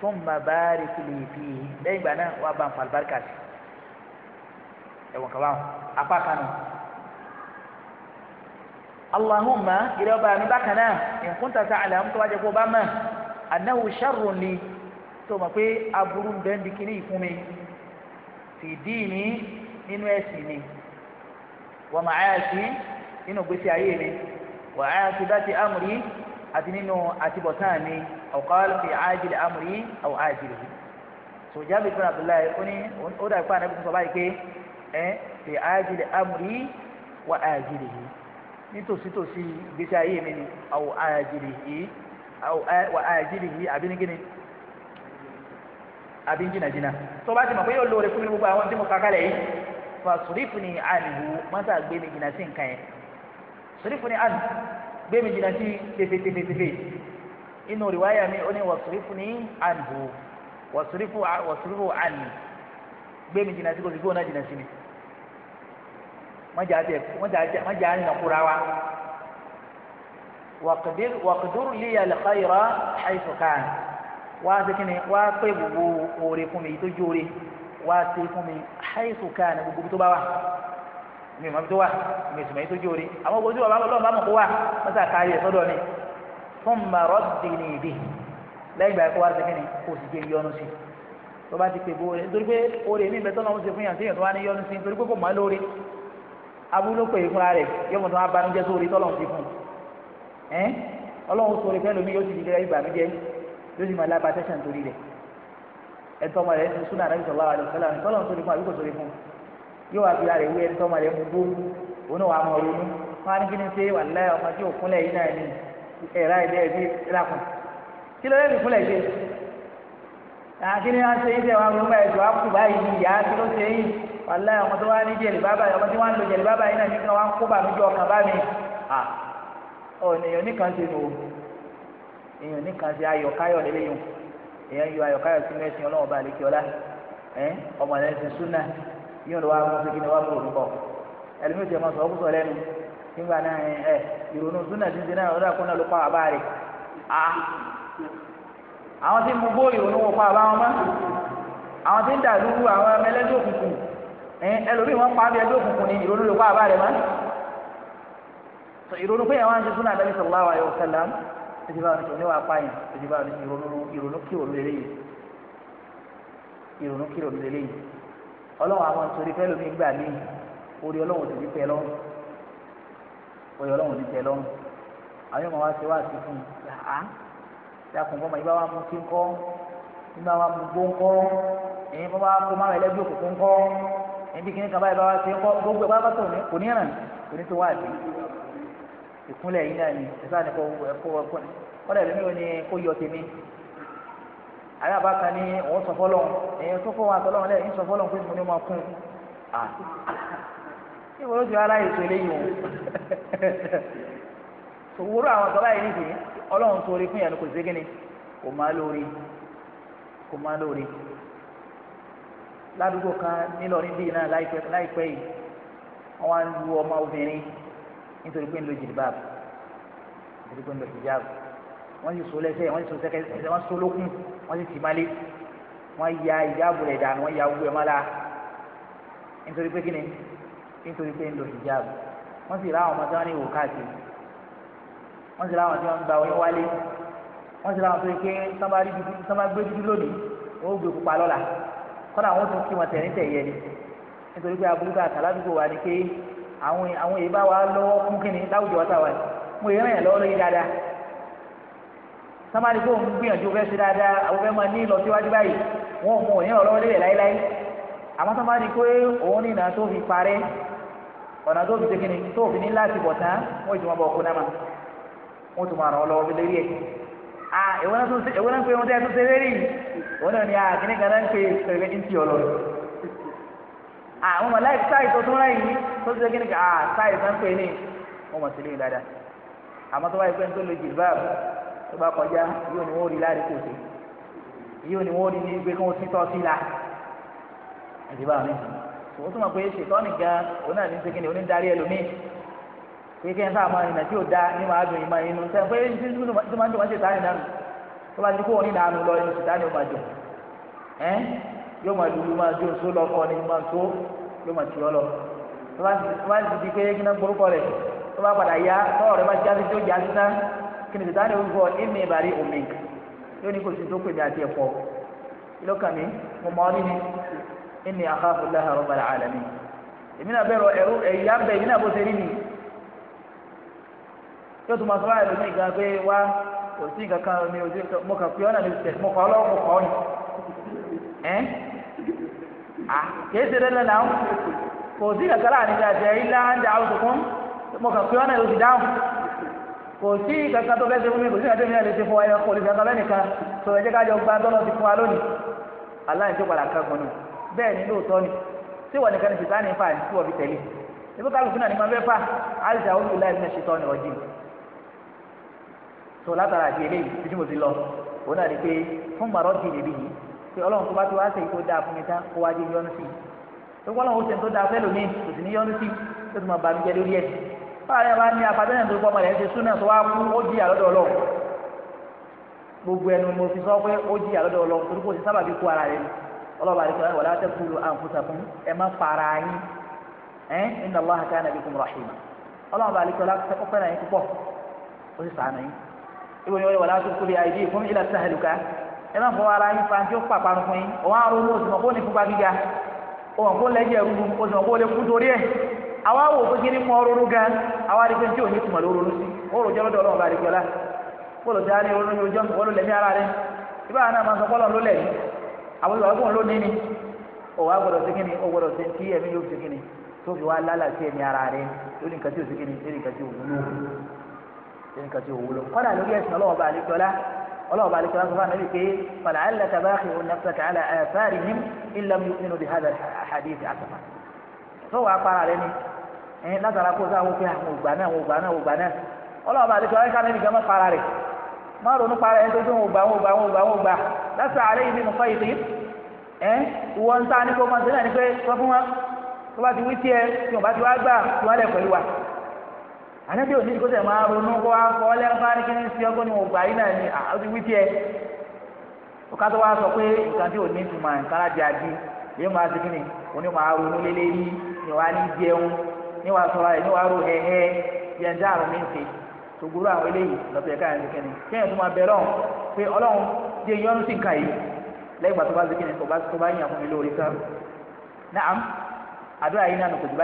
fún mabaari kìlì fi lẹ́yìn ìgbà náà wà bá ń fa alibarika sí e ẹ̀wọ̀n kaba apá kanu allahumma ìrẹ́ ọba mi bákan náà nǹkan tàṣà àlàmú tó wájú kó bá mọ̀ annahu sharrun li tó mọ̀ pé aburú bẹ́ẹ̀ ń di mi fìdí ni nínú ẹ̀sìn mi wà máa ṣe nínú gbèsè ayé mi wà á ṣe bá ti amúrí àti nínú àtibọ̀tán mi ọ̀kọ́lù fi ájìlì amúrí àwọn ájìlì sòjáde fún abdullahi ó ní ó dà pé ànábi sọ báyìí pé ẹ fi ájìlì amúrí wà ájìlì yìí nítòsítòsí gbèsè ayé mi ni àwọn ájìlì yìí wà ájìlì yìí àbí àbí jìnnà jìnnà ti mọ̀ pé yóò lóore fún mi gbogbo àwọn tí mo kà yìí fasurifu ni anhu masa gbé mi jìnnà sí nǹkan yẹn surifu ni anhu gbé mi jìnnà sí tefetefetefe inú riwaya mi ó ní wasurifu ni anhu wasurifu wasurifu anhu gbé mi jìnnà sí kòsìkò náà jìnnà sí mi mọ̀jà tẹ mọ̀jà nàkúra wa wàkùdúr wàkùdúr liya lẹ́kọ̀ọ́yọ̀rọ̀ àìsùkàn wá sí kí wá pé gbogbo oore fún mi tó jóore wá sí fún mi haisu kan gbogbo tó bá wà mi ò mọ tó wà mi ò sì mọ èyí tó jóore àwọn gbogbo tó wà báwọn lọ́wọ́ bá mọ̀ kó wà wọ́n sà káyé sọ́dọ̀ mi fún màrọ́ dìní ìbí lẹ́yìn ìgbà ẹ̀kọ́ wa ṣe kíni kò sì jẹ́ yọnu sí tó bá ti pè bó rẹ̀ nítorí pé oore mi bẹ́tọ́ náà ń ṣe fún yàn téèyàn tó wá ní yọnu sí nítorí pé kò mọ́ lóore abúlé pè é fúnra rẹ̀ yọmọ tó wá banújẹ́ sóore tọ́lọ́run ti fún ti di ẹ̀tọ́ ọmọ rẹ̀ ń súnà ànábì sọ̀lá wa lọ́sọ̀lá ní tọ́lọ̀ ń sórí fún àbíkò sórí fún yóò wá fi ara ìwé ẹ̀tọ́ ọmọ rẹ̀ ń gbó òun wà á mọ̀ ronú wọn á ní kí ni ṣe wà láyà ọmọ tí òkúnlẹ̀ yìí náà ní ẹ̀rá ẹ̀dẹ́ ẹ̀bí rákùn kí ló lẹ́nu ìkúnlẹ̀ ṣe àti ní wọn ṣe yín tẹ wọn ronú báyìí tó báyìí ìyá kí ló ṣe yín wà láyà ọmọ tó wá ní jẹ̀lì bábà ọmọ tí wọ́n ń jẹ̀lì bábà yìí náà ní kí wọ́n kó bàmí jọ ọkàn bá mi ọ̀nà èèyàn nìkan ṣe nù èèyàn nìkan ṣe ayọ̀ káyọ̀ lélẹ́yìn èèyàn yọ ayọ̀káyọ̀ sínú ẹ̀sìn ọlọ́wọ́n bá àlekí ọlá ẹ̀ ọmọ ẹ̀ ẹ̀sìn súnà yóò lọ wá mú sí kíni wá mú olùkọ́ ẹlòmíì tẹ̀ mọ́ sọ ọkùsọ lẹ́nu nígbà náà ẹ̀ ìrònú súnà títí náà ọdún àkọ́nà ló pa bàbá rẹ̀ a àwọn tí mo bó ìrònú wò pa bàbá wọn mọ́ àwọn tí ń dàlú àwọn ẹlẹ́dẹ́ òkùnkùn ẹlòmíì wọn pa abẹ́ẹ́dẹ́ òkùnkùn ni ìrònú ló pa bàbá rẹ̀ mọ́ ìrònú pé àwọn àti súnà àbẹ́lẹ́ sọ̀rọ̀ títí báwo ní oníwà apáyàn títí báwo ní ìrònú kírò lélẹ́yìn ìrònú kírò lélẹ́yìn ọlọ́run àwọn nítorí fẹ́ lómi gbà ní orí ọlọ́run ti di tẹ lọ́rùn orí ọlọ́run ti tẹ lọ́rùn àwọn ọmọ wa ṣe wá sí fún un yàá yàkùn bọ́mọ yìí bá wà mú kí ń kọ́ nígbà wà mú gbó ń kọ́ èyí bá wà kó má ẹlẹ́gbẹ́ òkùnkùn ń kọ́ ẹbí kí ní kaba yìí bá wà ń kọ́ gbogbo ẹ̀ ìkúnlẹ̀ yìí náà ni ẹ̀sán ni kò ẹ̀kọ́ ẹ̀kọ́ ni wọ́n dẹ̀ lómi ò ni kó yọ tèmi àyà bá kan ní òun sọ fọlọ́n tó fọ́ wọn àtọ́lọ́wọn lẹ́yìn ń sọ pé mo ní kún
un eléyìí
o àwọn báyìí nìyí ọlọ́run fún yẹn kò sí kò má lórí kò má lórí ládùúgbò kan nílọrin bíi náà láìpẹ́ yìí wọ́n lu ọmọ obìnrin nítorí pé ń lo jìlbáàbù nítorí pé ń lo hijabu wọ́n sì so lẹ́sẹ̀ wọ́n sì so sẹ́kẹ́ ẹsẹ̀ wọ́n so lókun wọ́n sì tì malé wọ́n ya hijabu rẹ̀ dànù wọ́n ya owó ẹ̀ má la nítorí pé kíni nítorí pé ń lo hijabu wọ́n sì ra àwọn ọmọ tí wọ́n ní ìwò káàkiri wọ́n sì ra àwọn tí wọ́n ń gba oyún wálé wọ́n sì ra àwọn tó yẹ pé sábà gbé dúdú lónìí wọ́n gbé pupa lọ́la kọ́nà àwọn tó kí wọn tẹ̀ ní tẹ̀ yẹ àwọn àwọn awa bá wa lọ́wọ́ fún kínní láwùjọ wa táwa yìí mo yẹ mẹ́rin lọ́wọ́ lórí dáadáa sábàdì kó ń gbìyànjú fẹ́ sí dáadáa àwọn fẹ́ máa ní ìlọsíwájú báyìí wọn mú òyìn ọ̀rọ̀ lélẹ̀ láéláé àmọ́ sábàdì kó òun ní ìnà tó fi parẹ́ ọ̀nà tó fi ṣe kínní tó fi ní ma wọ́n ti máa ràn ọ́ lọ́wọ́ ẹ̀ ah èwo náà pé àwọn ah, ọmọ láì sáì tó tún rẹ̀ yìí tó ṣe kíni ká sáì sàn pé ní wọn mọ̀ sílẹ̀ dáadáa àmọ́ tó bá yẹ pé ń tó lo jìlbáàbù tó bá kọjá yóò ní wọ́n rí láàrin kò sí yóò ní wọ́n rí ní gbé kí wọ́n ti tọ́ sí la ìdìbàwọn ní sùn wọ́n tún mọ̀ pé ṣètọ́ nìkan òun náà ní ṣe kíni onídarí ẹlòmíì kéèké ńlá máa nìyẹn tí ó da ní máa dùn ìmọ̀ inú sẹ́yìn pé tí tó máa ń dùn wọ́n ṣètá ni ó máa dùn yóò máa dúró máa jó nsó lọ kọ́ ni máa nsó yóò máa tì ọ́ lọ tó bá ń di pé kí náà gborúkọ rẹ̀ tó bá padà yá tọ́wọ́ rẹ̀ bá jáde tó jáde tán kí ni tètè á lè wúkọ ẹ̀mí ìbàrí omi yóò ní kò sí tó pè mí àti ẹ̀fọ́ lọ́kàn mi mo mọ ọ́ nínú ẹ̀mí àkàfọ̀ láhàrọ̀ bàlá àlàmì èmi náà bẹ̀rọ ẹ̀rú ẹ̀yà bẹ̀ èmi náà bó ṣe rí mi yóò tún máa sọ ẹ eh? à ah, kìí ṣe dandan náà kò sí kàkàrà àníjà jẹ ilé àńjà àwùjọ fún mo kàn pé si ìlòsì dáhùn kò sí kankan tó fẹsẹ̀ fún mi kò sí kankan tó fẹsẹ̀ fún wa ẹ̀ kò lè kankan lẹ́nìkan tó ẹ jẹ́ ká jọ gba tọ́lọ́ ti fún wa lónìí aláìní tó padà kagbọ̀n nù bẹ́ẹ̀ ni lóòótọ́ ni tí wọ́n nìkan ní sìtáni fà ní tí wọ́n fi tẹ̀lé ibi ká lùkúnà ní ma fẹ́ fà àìsí àwọn olùlà ẹ̀mí ṣetán ni ọ̀jìn tó látara àti eléyìí títí mo ti lọ òun náà ni pé fún màrọ́ di ìdèbí yìí pé ọlọ́run tó bá ti wá nke ìkó dáa fún mi tán kó wá yọnu sí i tó kọ́ ọlọ́run ó ṣe tó dáa fẹ́ lómi kò sì ní yọnu sí i tó ti mọ̀ bàmíjẹ lórí báyọ̀ bá ní tó rẹ̀ ṣe súnà tó wá kú ó ọlọ́run gbogbo ẹnu mo fi sọ pé ó ọlọ́run torí kò sí sábà bí kú ara fara ẹ má fọwọ́ ara yín fanti ó pàparun fún yín òun á ronú oṣù mọ̀kó ní fúnpa gíga òun kó lẹ́jẹ̀ rúru oṣù mọ̀kó lè kú torí ẹ̀ àwa wò pé kí ni mọ́ ronú gan àwa rí pé tí ò ní tùmọ̀ ló ronú sí ó rò jẹ́ lọ́dọ̀ ọlọ́run bá rí jọlá bọ́ọ̀lù tí a ní ronú ní ojọ́ wọ́n ló lẹ̀mí ara rẹ̀ ibà náà máa sọ pọ́lọ̀ ló lẹ̀ àwọn ìwà ọgbọ́n ló ní ni òwò agbọ́dọ̀ sí kí ni ó gbọ́dọ̀ sí kí ẹ̀mí yóò sí kí ni tó fi wá lálà sí ẹ̀mí ara rẹ̀ lórí nǹkan tí ò sí kí ni lórí ọlọ́ọ̀bá alẹ́ kẹlẹ́ sọ́fà nàbí pé fàlà àlẹ́ tàbá àkè òun náà sọ̀kà àlẹ́ àfáàrí ní ilẹ̀ mi nínú bí hàdà àhàdìsì àtàmà. tó wàá para rẹ ni ẹ látara kó sáà wọ́n pé àwọn ògbà náà àwọn ògbà náà ògbà náà ọlọ́ọ̀bá alẹ́ kẹlẹ́ sọ́fà nàbí kẹ́ mọ́ para rẹ má ronú para ẹni tó tó wọn ògbà wọn ògbà wọn ògbà wọn ògbà lásà àlẹ́ yìí nínú fáyìí pé ẹ ìwọ ń ta ni kó máa ń sẹ́yìn ní pé sọ fún wọn tó bá ti wí tiẹ̀ tí wọn bá ti wá gbà tí wọn lẹ̀ pẹ̀lú wa ànábì òní kó sẹ̀ máa ronú kó wá kọ́ lẹ́nu bá ní kí ní sí ọgbọ́n ní ògbà yìí náà ni àwọn ti wí tiẹ̀ sọ pé nǹkan tí òní tuma nǹkan di adi yé máa ti kíni òní máa ronú lélẹ́ rí ni wàá ní jẹun ni wàá sọ ẹ ni wàá ro hẹ́hẹ́ bí ẹn dáhùn mí àwọn eléyìí lọ́sọ̀ tó máa pé ọlọ́run yọ́nú sí nǹkan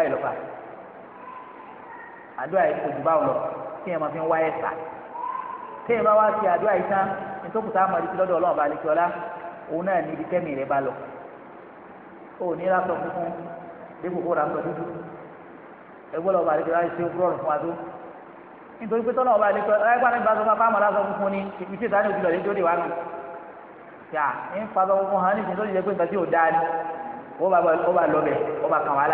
yìí àdúrà yìí kò jù báwọn lọ kí ẹ máa fi ń wá ẹ̀sà kí ẹ bá wá sí àdúrà yìí tán nítòkùtà àmọ̀lẹ́kì lọ́dọ̀ ọlọ́run bá lè kíọ́lá òun náà ní ibi tẹ́mi rẹ bá lọ ó ní lásán funfun dípò kó ràǹtọ̀ dúdú ẹgbẹ́ lọ́ba lè kíọ́lá ṣe kúrọ̀rùn fún adó nítorí pé tọ́lọ́ ọba lè kíọ́lá ẹgbẹ́ àti ìbáṣọ fún àmọ̀ lásán funfun ni ibi tí ìdáni òbí lọ́dẹ jóde wá nù yà ń fa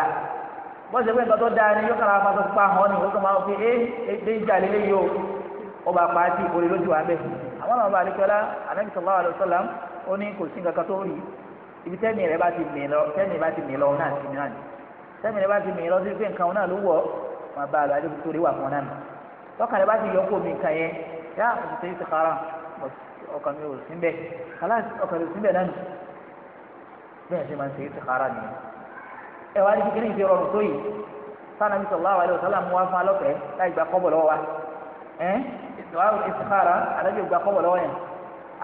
bọ́sẹ̀ pé nǹkan tó dáa ni yóò kára máa tó pa hàn ní oṣù máa fi é eh, déjà eh, eh, lélẹ́ yìí o ọba pàtì òrè lójú wa bẹ́ẹ̀ àwọn ọmọ àdìsọ́lá anabi sallallahu alaihi wasallam ó ní kò sí nǹkan kan tó rí ibi tẹ́mi rẹ̀ bá ti mì lọ tẹ́mi bá ti mì lọ náà ti mì náà ni tẹ́mi rẹ̀ bá ti mì lọ sí pé nǹkan náà ló wọ̀ máa bá a lọ adébùtò rẹ̀ wà fún náà tọ́ka rẹ̀ bá ti yọkọ̀ mi nǹkan yẹn yá òṣìṣẹ́ yìí ti kára ni ẹ wá ní kékeré ìfi rọrùn tó yìí sanni bí sọlá wàlẹ ọsàlá mú wa fún alọfẹ láì gba kọ́bọ̀ lọ́wọ́ wa ẹ ìsìnwá ìsìnkára ànábì ò gba kọ́bọ̀ lọ́wọ́ yẹn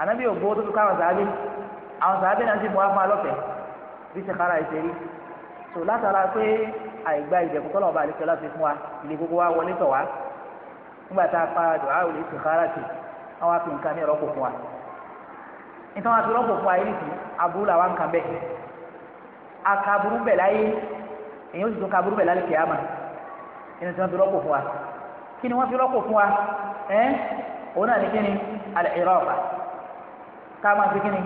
ànábì ò gbowó tó fi káwọn sàábì
àwọn sàábì náà ti mú wa fún alọfẹ
bí ìsìnkára ẹ ṣe rí so látara pé àìgbá ìjẹkùtọ lọ bá àlekẹ láti fún wa ilé gbogbo wa wọlé tọ wa nígbà tá a pa dùhà ò lè ìsìnkára tì àwọn afi nǹkan ní ìrọ́pò fún wa nítorí wọn afi rọ́pò akaburú bẹ̀ láyé èyí ó sì tún kaburú bẹ̀ lálẹ́ kìámà ẹni tí wọ́n fi rọ́pò fún wa kí ni wọ́n fi rọ́pò fún wa ẹ́ o náà ní kí ni alẹ́ ìrọ̀ ọ̀pá ká máa fi kí ni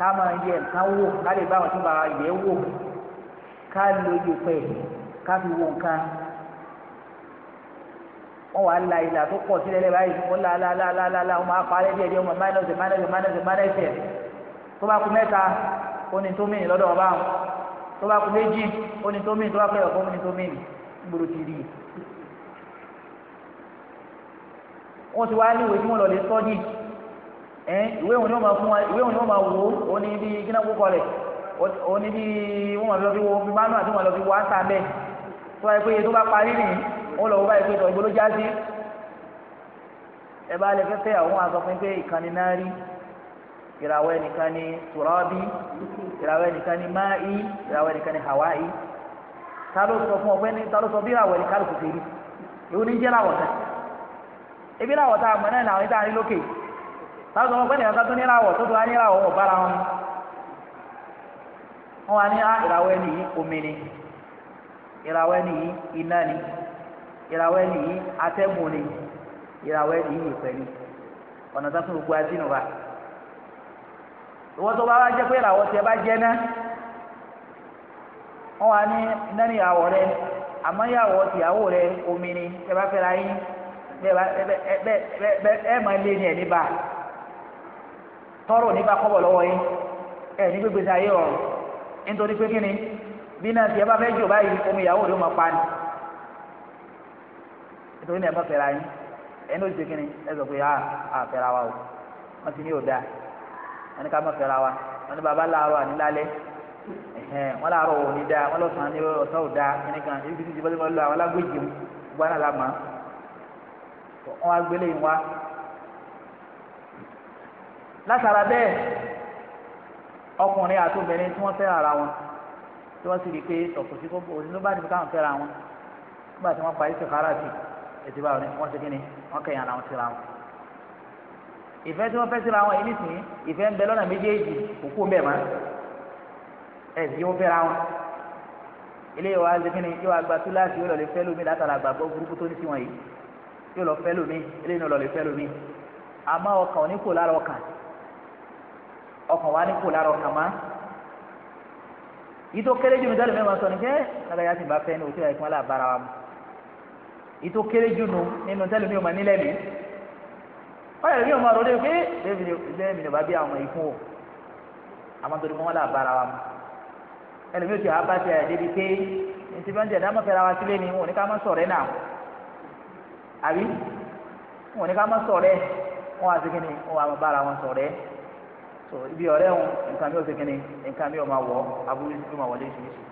ká máa yẹ nǹkan wò ká lè bá àwọn tó bá yẹ wò ká lo yòpẹ̀ ká fi wo nǹkan wọ́n wà á la ìlà tó pọ̀ sílẹ̀ lẹ́ẹ̀ báyìí wọ́n la la la la la la wọ́n máa pa alẹ́ díẹ̀ díẹ̀ wọ́n máa máa nọ́ọ̀sì máa nọ́ọ̀sì máa nọ́ọ̀sì máa nọ́ọ̀sì tó bá kù mẹ́ta ó ní tó mìíràn lọ́dọ̀ wọn báwọn tó bá kú méjì ó ní tó mí tó bá kú ẹ̀kọ́ ó ní tó mí gbòòrò ti rí i. wọ́n ti wá ní ìwé tí wọ́n lọ lè sọ́jì ìwé òun wọ́n máa wò ó ó ní bí kíná kó kọlẹ̀ ó ní bí wọ́n máa lọ fi wo bí mánú àti wọ́n lọ fi wo áṣà bẹ́ẹ̀ tó bá yẹ pé tó bá parí nìyí wọ́n lọ wọ́n báyìí pé tọ̀ ìgbó ló já sí ẹ bá lè fẹ́ fẹ́ àwọn àsọpin pé ìkànnì náà rí ìràwọ̀ ẹnìkan ní tùrọ́bì ìràwọ̀ ẹnìkan ní máì ìràwọ̀ ẹnìkan ní hawaii ta ló sọ fún ọgbẹ́ni ta ló sọ bí ìràwọ̀ ẹnìkan ló kò tẹ̀lé ìwọ ní jẹ́ ìràwọ̀ tán ebi ìràwọ̀ tá a mọ̀ náà làwọn ìta ní lókè ta ló sọ fún ọgbẹ́ni kan tó ní ìràwọ̀ tó tó wá ní ìràwọ̀ wọn bára wọn wọn wá ní ah, ìràwọ̀ ẹni yìí omi ni ìràwọ̀ ẹni yìí iná ni ìràwọ̀ ẹni yìí atẹ́gùn ni ìràwọ̀ ẹni yìí ìpẹ́ ọ̀nà tó fún gbogbo adínú ìwọ́n tó bá wá jẹ́ pé ìràwọ̀ tẹ bá jẹ́ ná wọ́n wá ní nání ìyàwó rẹ àmọ́ ìyàwó tìyàwó rẹ omi ni tẹ bá fẹ́ra yín bẹ́ẹ̀ ẹ máa lé ní ẹ̀ níbà tọ́rọ̀ níbà kọ́bọ̀ lọ́wọ́ yín ẹ̀ ní gbégbèsè ayé ọ̀rọ̀ nítorí pé kí ni
bí náà tìyẹ́ bá fẹ́ jò báyìí omi ìyàwó rẹ máa pa ni
nítorí náà ẹ má fẹ́ra yín ẹ̀ ní ó ti ṣe kí ni ẹ sọ pé ah, a fẹ́ra wa o wọ́n ti ní ò dáa wọn ní ká má fẹ́ra wa wọn ní baba làárọ̀ ànílálẹ́ wọn làárọ̀ òní da wọn lọ́sàn-án ní ọ̀sán ò da kíní kan ibi tí ìjọba lọ àwọn alágbèjì mu gbọ́n náà la mọ̀ wọn wá gbélé yín wá. látara bẹ́ẹ̀ ọkùnrin àti obìnrin tí wọ́n fẹ́ ara wọn tí wọ́n sì rí i pé ọ̀pọ̀sí kó òsì ló bá níbi káwọn fẹ́ra wọn nígbà tí wọ́n parí sèkárà sí ètò ìbáwọ̀ ni wọ́n ti kí ni wọ́n kẹ̀yìn ara wọn síra wọn ìfẹ́ tí wọ́n fẹ́ síra wọn yìí nísìnyí ìfẹ́ ń bẹ lọ́nà méjèèjì òkú ń bẹ̀ mọ́ ẹ̀ sì yóò fẹ́ra wọn eléyìí wàá ṣe kíni yóò agba túláàsì yóò lọ lè fẹ́ lómi látara àgbàgbọ́ burúkú tó ní sí wọn yìí yóò lọ fẹ́ lómi eléyìí náà lọ lè fẹ́ lómi àmọ́ ọkàn ò ní kò lára ọkàn ọkàn wa ní kò lára ọkàn má yìí kéré jù ni kẹ́ lágbàáyà nínú sálẹ̀
ọ̀yẹ̀ rí ọmọ àròlé pé
lẹ́yìn mi bí àwọn ikú o àwọn tó ní wọn là bára wa mu ẹlòmíràn ti àbá ti àyè débi pé ntí bá ń jẹ dámọ̀ fẹ́ra wa sílé ni wọn ò ní ká má sọ̀rọ̀ ẹ̀ náà àbí wọn ò ní ká má sọ̀rọ̀ ẹ̀ wọn àti kíni wọn àmọ́ bára wọn sọ̀rọ̀ ẹ̀ so ibi ọ̀rẹ́ wọn nǹkan mi ò ti kíni nǹkan mi ò máa wọ̀ aburú ti máa wọlé ìṣiríṣi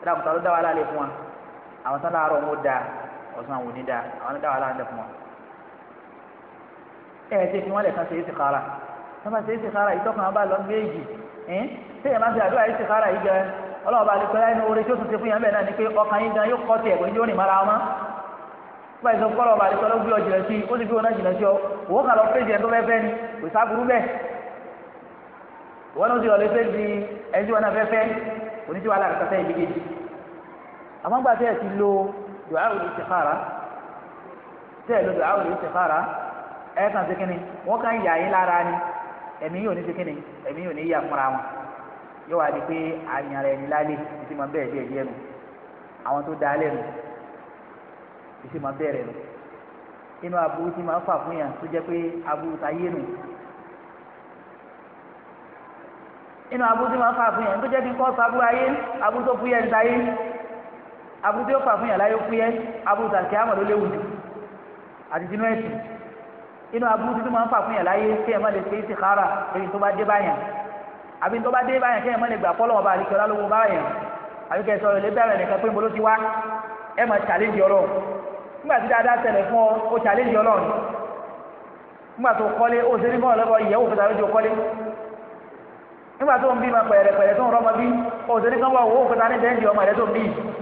ẹ̀dá kùtà ló dá wa láàlẹ́ fún wa àwọn sáláàárọ̀ wọn ó da ọ̀sán àwọn ò da àwọn dá wa láàlẹ́ fún wa ẹ̀ ṣe fi wọ́n lẹ̀ kan ṣe é sìkára ẹ máa ṣe é sìkára ìtọ́kùn abá lọ méjì ṣé ẹ máa ṣe àdúrà yìí sìkára yìí gan ọlọ́ọ̀bá alẹ́kọ̀ọ́lá inú oore tí ó tún ṣe fún yàn bẹ́ẹ̀ náà ni pé ọkàn yín gan yóò kọ́ tiẹ̀ kò ní yóò rìn mara wọn fún àìsàn kọ́ ọlọ́ọ̀bá alẹ́kọ̀ọ́lá gbé ọ jìnà sí ó sì gbé ọ̀nà jìnà sí ọ òwò kan lọ fèjì ẹ kàn sí kínní wọ́n kàn yà yín lára ni ẹ̀mí yóò ní sí kínní ẹ̀mí yóò ní yà fúnra wọn yóò wá di pé àyànrà ẹni lálẹ́ ìsì máa bẹ̀rẹ̀ díẹ̀ díẹ̀ nù àwọn tó da alẹ́ ìsì máa bẹ̀rẹ̀ nù inú aburú ti máa fà fún yàn tó jẹ́ pé aburú ta yé inú aburú ti máa fà fún yàn tó jẹ́ kí kọ́ saburú ayé aburú tó fúyẹ́ ń ta yé aburú tó fà inú aburú tuntun máa ń fà fún yàn láyé kí ẹ̀ má lè ṣe istikhara èyí tó bá dé báyàn àbí tó bá dé báyàn kí ẹ̀ má lè gbà fọ́lọ́ ọba àdìkẹ́ ọlọ́wọ́ báyàn àbí kẹ́ ẹ sọ̀rọ̀ lé bẹ̀rẹ̀ nìkan pé mbolo ti wá ẹ̀ máa challenge ọlọ́ nígbà tí dáadáa ṣẹlẹ̀ fún ọ ó challenge ọlọ́ ni nígbà tó kọ́lé ó ṣe fún ọlọ́kọ ìyẹ́wò fún tàbí kọ́lé nígbà tó ń bí ma pẹ̀rẹ̀pẹ̀rẹ̀ tó ń rọ́mọ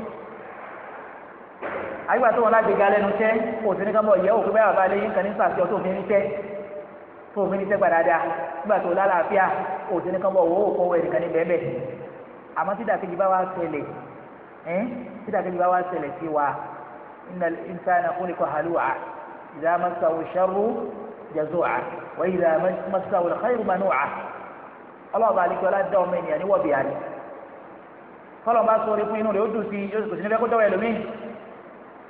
àyíká tó wọn láti ga lẹ́nu tẹ́ kò sí ní ká bọ̀ yẹ òkú bẹ́ẹ̀ bàbá lẹ́yìn kan ní sàfi ọtún òfin níṣẹ́ tó òfin níṣẹ́ gbàdáadáa nígbà tó lálàáfíà kò sí ní ká bọ̀ wọ́ òkú owó ẹnìkan ní bẹ́ẹ̀ bẹ́ẹ̀ àmọ́ sídà kejì bá wá ṣẹlẹ̀ ẹ́ sídà kejì bá wá ṣẹlẹ̀ sí wa innal insana khuliqa halu'a idha massahu sharru jazu'a wa idha massahu alkhayru manu'a ọlọ́ọ̀bà alikọ́lá dá ọmọ ènìyàn níwọ̀bìyàn kọ́lọ́ọ̀bá sọ orí fún inú rẹ̀ ó dùn sí yóò sì kò sí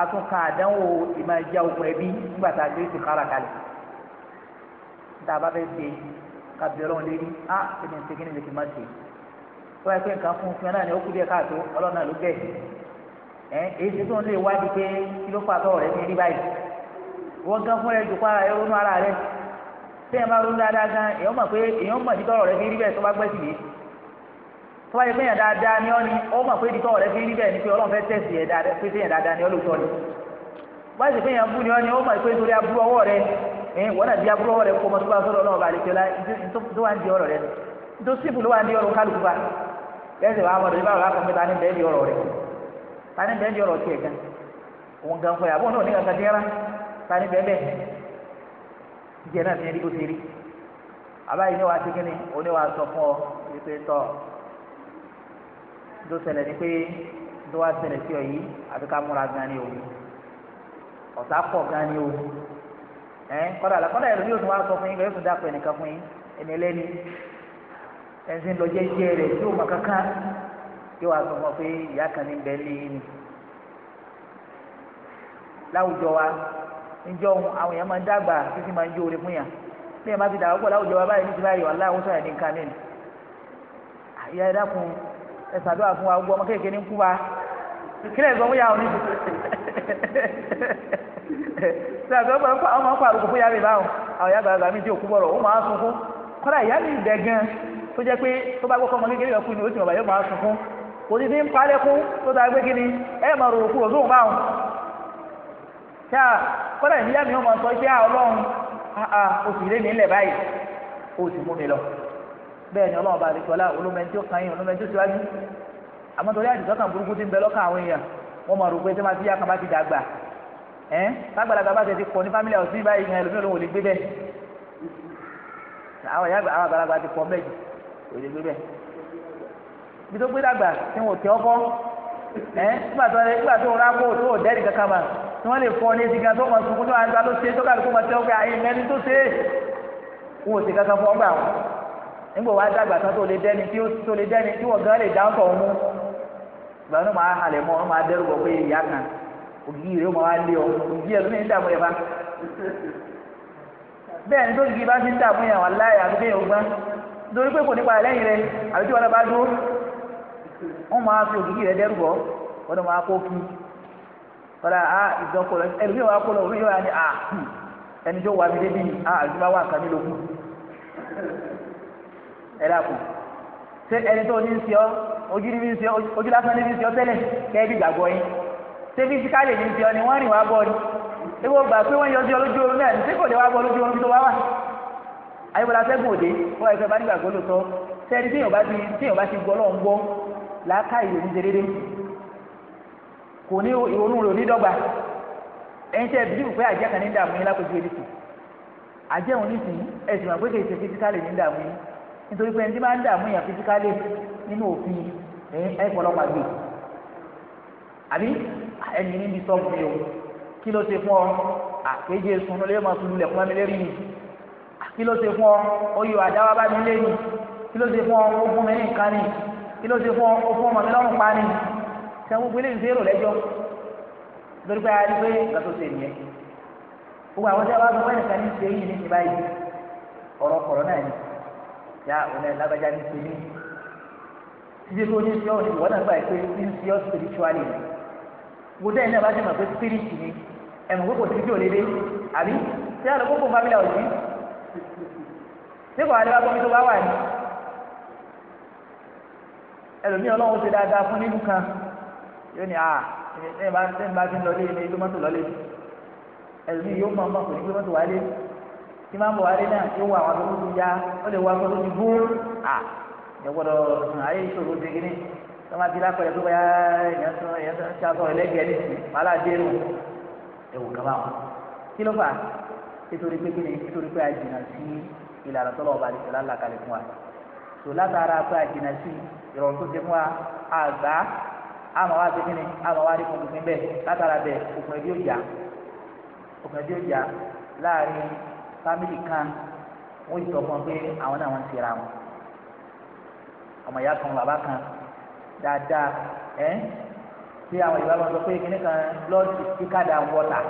atúnka àdánwò ìmájà ogun ẹbí nígbà tá a gbé ti kára kalẹ̀ tá a bá fẹ́ ṣe kàbí ọlọ́run lérí á ẹni ṣe kí ni lè fi má ṣe tó wáyé pé nǹkan fún fún ẹ náà ni ó kú díẹ̀ káàtó ọlọ́run náà ló bẹ̀ ẹ èyí ṣe tó ń lè wádìí pé kí ló fà tọ́ ọ̀rẹ́ mi rí báyìí wọ́n gán fún ẹ dùkú ara ẹ ronú ara rẹ tẹ́yìn bá ronú dáadáa gan èèyàn mọ̀ pé èèyàn mọ̀ títọ́ ọ̀rẹ́ mi rí bẹ́ẹ̀ tó bá gbẹ́sì yìí tó bá yẹ pé yẹn dáadáa ni ọ́ ni ó mọ̀ pé ìdítọ́ rẹ fi rí bẹ́ẹ̀ ni pé ọlọ́run fẹ́ tẹ̀sí yẹn dáadáa pé yẹn dáadáa ni ọlọ́tọ́ ni bá yẹ pé yẹn bú ni ọ́ ni ó mọ̀ pé nítorí aburú ọwọ́ rẹ ẹ wọ́n náà di aburú ọwọ́ rẹ kó mọ tó bá sọ̀rọ̀ náà balẹ̀ tẹ́lá tó wà ń di ọ̀rọ̀ rẹ tó síbù ló wà ń di ọ̀rọ̀ kálukú bá lẹ́sẹ̀ wà á mọ̀ lórí báwo lákàn pé ta ni bẹ́ẹ̀ di ọ̀rọ̀ rẹ ta ni bẹ́ẹ̀ di ọ̀rọ̀ tiẹ̀ gan wàá ti tó ṣẹlẹ̀ ni pé tó wá ṣẹlẹ̀ sí ọ yìí àbí ká múra gan ni o ọ̀tá pọ̀ gan ni o ẹ kọ́dà la kọ́dà ẹ̀rọ yóò tún wá sọ fún yín kẹ́ yóò tún dàpọ̀ ẹnìkan fún yín ẹni ẹlẹ́ni ẹ̀sìn lọ jẹ́jẹ́ rẹ̀ tí ó mọ kankan yóò wá sọ fún ọ pé ìyá kan ní bẹ́ẹ̀ lé ní láwùjọ wa níjọ́ àwọn èèyàn máa ń dàgbà títí máa ń jó orí fún yàn bí ẹ má ti dàgbà pọ̀ láwùjọ wa báyìí ní ti báyìí wà láwùjọ yẹn ní ẹ ṣàdúrà fún wa gbogbo ọmọ kéèké ní kú wa kílẹ̀ ìgbọ́n wíyà òní sàgbẹ́ ọmọ ọmọ ọmọ ọkọ àlùkò fún yàrá ìbáwọn àwọn yàrá àgbà mi ti òkú bọ̀rọ̀ ó máa sunkún kọ́dà ìyá mi bẹ̀ gan tó jẹ́ pé tó bá gbọ́kọ́ ọmọ kékeré ọkùnrin ni ó ti mọ̀ bàyẹ̀ máa sunkún kò ní fi ń palẹ́kún tó dáa gbé kí ni ẹ mọ̀ rò kúrò lóhùn báwọn. ṣá kọ́dà ìyá mi ó mọ̀ sọ bẹ́ẹ̀ ni ọlọ́run bá lè tọ́lá olómẹ́ntì ó kàn yín olómẹ́ntì ó síwájú àmọ́ torí àdìsọ́kàn burúkú ti ń bẹ lọ́kàn àwọn èèyàn wọ́n mọ̀ rò pé tí yá kan bá ti dàgbà ẹ́ lágbàlagbà bá ti ti pọ̀ ní fámìlì ọ̀sìn báyìí ìhàn ẹlòmíràn òun ò lè gbé bẹ́ẹ̀ àwọn ìyá àwọn àgbàlagbà ti pọ̀ méjì kò lè gbé bẹ́ẹ̀ ibi tó gbé dàgbà tí wọn ò tẹ ọkọ ẹ́ nígbà tó ẹ nígbà tó ń rákò tó ò dẹ́rì kankan mà tí wọ́n lè fọ ní etí gan tó mọ̀ sunkún tó wà nígbà tó ṣe tó kàlùkù mọ̀ tẹ́ ọkọ àyè mẹ́ni tó ṣe wọn ò sì kankan fọ́ gbà wọn nígbà wàá dàgbà tán tó lè dẹ́ni tí tó lè dẹ́ni tí wọ́n gan lè dá ọ̀tọ̀ ọ̀hún ìgbà wọn máa halẹ̀ mọ́ wọn máa dẹ́rù bọ̀ pé ìyá kan ògì rẹ̀ wọn máa lé ọ ògì ẹ̀ lómi ń dààmú ẹ̀ bá
bẹ́ẹ̀ ni tó ti di bá ti ń dààmú yàn wà láyé àdúgbò yẹn gbọ́n torí pé kò nípa lẹ́yìn rẹ̀ àbí tí wọn bá dúró
wọn máa fi ògì rẹ̀ dẹ́rù bọ̀ wọn máa kó kí kọ́lá a ìdánwò lọ ẹlòmíràn wà kó lọ òmíràn wà ní à hmm, ẹni tó wà ẹ dàkú ṣé ẹni tó ní ń ṣe ọ ojú ní ń ṣe ọ ojú lásán ní ń ṣe ọ tẹ́lẹ̀ kẹ́ẹ́ bí gbàgbọ́ yín ṣé fisikálì ní ń ṣe ọ ni wọ́n rìn wá bọ́ ọ ni ewu ọgbà pé wọ́n yọ sí ọ lójú oorun náà ṣé kò lè wá bọ́ lójú oorun tó wá wà ayébọlá sẹ́gun òde wọ́n ẹ̀fẹ́ bá nígbàgbọ́ ló sọ sẹ́ni tí yóò bá ti tí yóò bá ti gbọ́ lọ́wọ́ ń gbọ́ làákà ìròyìn ṣe déédéé kò ní ìrònú rẹ̀ onídọ́gba ẹ̀yin tẹ́ bí wípé àjẹ́ kan ní nítorí pé ẹni tí máa ń dààmú yẹn fisikálì nínú òfin ẹ pọ̀lọpọ̀ àgbè àbí ẹni níbi sọ́ọ̀bù mi o kí ló ṣe fún ọ àkéjé sunu lè máa sunu lẹ̀kún mi lérí ni kí ló ṣe fún ọ oyè àdáwà bá mi lé ni kí ló ṣe fún ọ ó fún mi ní nǹkan ni kí ló ṣe fún ọ ó fún ọmọ mi lọ́rùn pa ni sẹ́wọ́n gbélé ní sèrò lẹ́jọ́ lórí pé a rí pé nǹkan tó ṣe nìyẹn gbogbo àwọn tí a bá fún ẹnìkan ní ṣe yìí ní ti báyìí ọ̀rọ̀ kọ̀rọ̀ náà ni yá òun ẹ̀ lágbájá ní ti ní títí ni, ní sọ́ọ̀ ní ìwọ́n náà gbà pé ní sọ́ọ̀ spiritually gbogbo ẹ̀ náà bá ti mọ̀ pé spirit ni ẹ̀mọ̀ gbogbo ti dò lédè àbí tí a lọ gbogbo family ọ̀sí tí kò àlewà gbọ́mi tó bá wà ní ẹlòmíì ọlọ́run ṣe dáadáa fún nínú kan yóò ní àà ẹ̀ ẹ̀ bá ti ń lọ lé ilé mọ́tò lọ lé yóò mọ̀ ọmọ kò ní gbé mọ́tò wá tí máa ń bọ̀ wálé náà yóò wọ àwọn tó lójú ya ó lè wọ aṣọ lójú bó à ìyẹ́gbọ́dọ̀ ayé ìṣòro ṣe kíní tọ́mọ ti lápẹ̀lẹ̀ tó bá yẹn tó yẹn tó ń ṣàkọ ẹlẹ́gẹ̀ẹ́ ní ti wàhálà dé nù ewu kaba wọn. kí ló fà á nítorí pé kíni nítorí pé àjìnà sí ìlànà tọ́lọ̀ ọba àdìsẹ́lá là kalẹ̀ fún wa tò látara pé àjìnà sí ìrọ̀rùn tó ṣe fún wa àgbà àmọ́ wa ṣe kíni àmọ́ wa rí fún bẹ́ẹ̀ látara bẹ́ẹ̀ òkùnrin bí ó Family kan wọ́n yìí sọ fún ọ pé àwọn náà wọ́n ń ṣera wọn ọmọ ìyá kan bàbá kan dáadáa ẹ tí àwọn ìbá wọn sọ pé kíní kan blọọdù kíkàdà wọta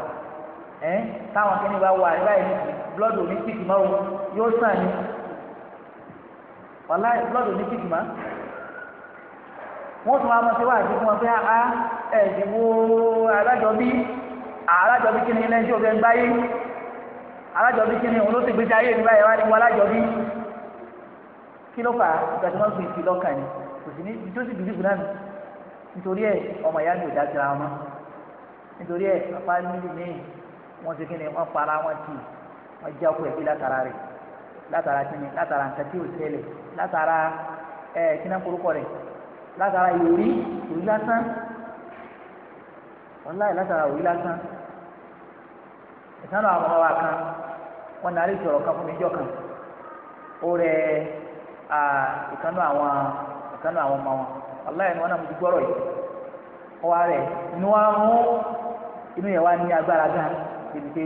ẹ táwọn kíní bá wà ní báyìí blọọdù ní tìkì mọ́ wọn yóò sàn ní wàlá blọọdù ní tìkì mọ́ wọ́n tún wá mọ́ sí wáhà sí fún wọn pé a ẹ̀dínwó alájọbí alájọbí kíní ilé ẹjọ́ bẹ́ẹ̀ ń gbáyé
alájọbí kí ni òun ló ti gbèsè ayé mi báyìí wá ní wọ alájọbí
kí ló fà á ìgbà tí wọ́n gbé ìfi lọ́kàn ni kò sí ní tó sì bìlíbù náà nítorí ẹ ọmọ ìyá mi ò dá síra wọn nítorí ẹ apá nílì míì wọ́n ti kí ni wọ́n para wọn tì wọ́n já ọkọ ẹbí látara rẹ̀ látara kí ni látara nǹkan tí ò ṣẹlẹ̀ látara ẹ kíná korúkọ rẹ̀ látara ìròrí òrí lásán wọ́n láì látara òrí lásán ìtàn àwọn ọmọ wa kan wọn nàá lè sọ̀rọ̀ kan fún mi jọ kan ó rẹ ìkànnù àwọn ìkànnù àwọn ọmọ wọn aláìní wọn náà mo ti gbọ́rọ̀ yìí ọwọ́ rẹ̀ inú wa mú inú yẹn wá ní agbára gan ibi pé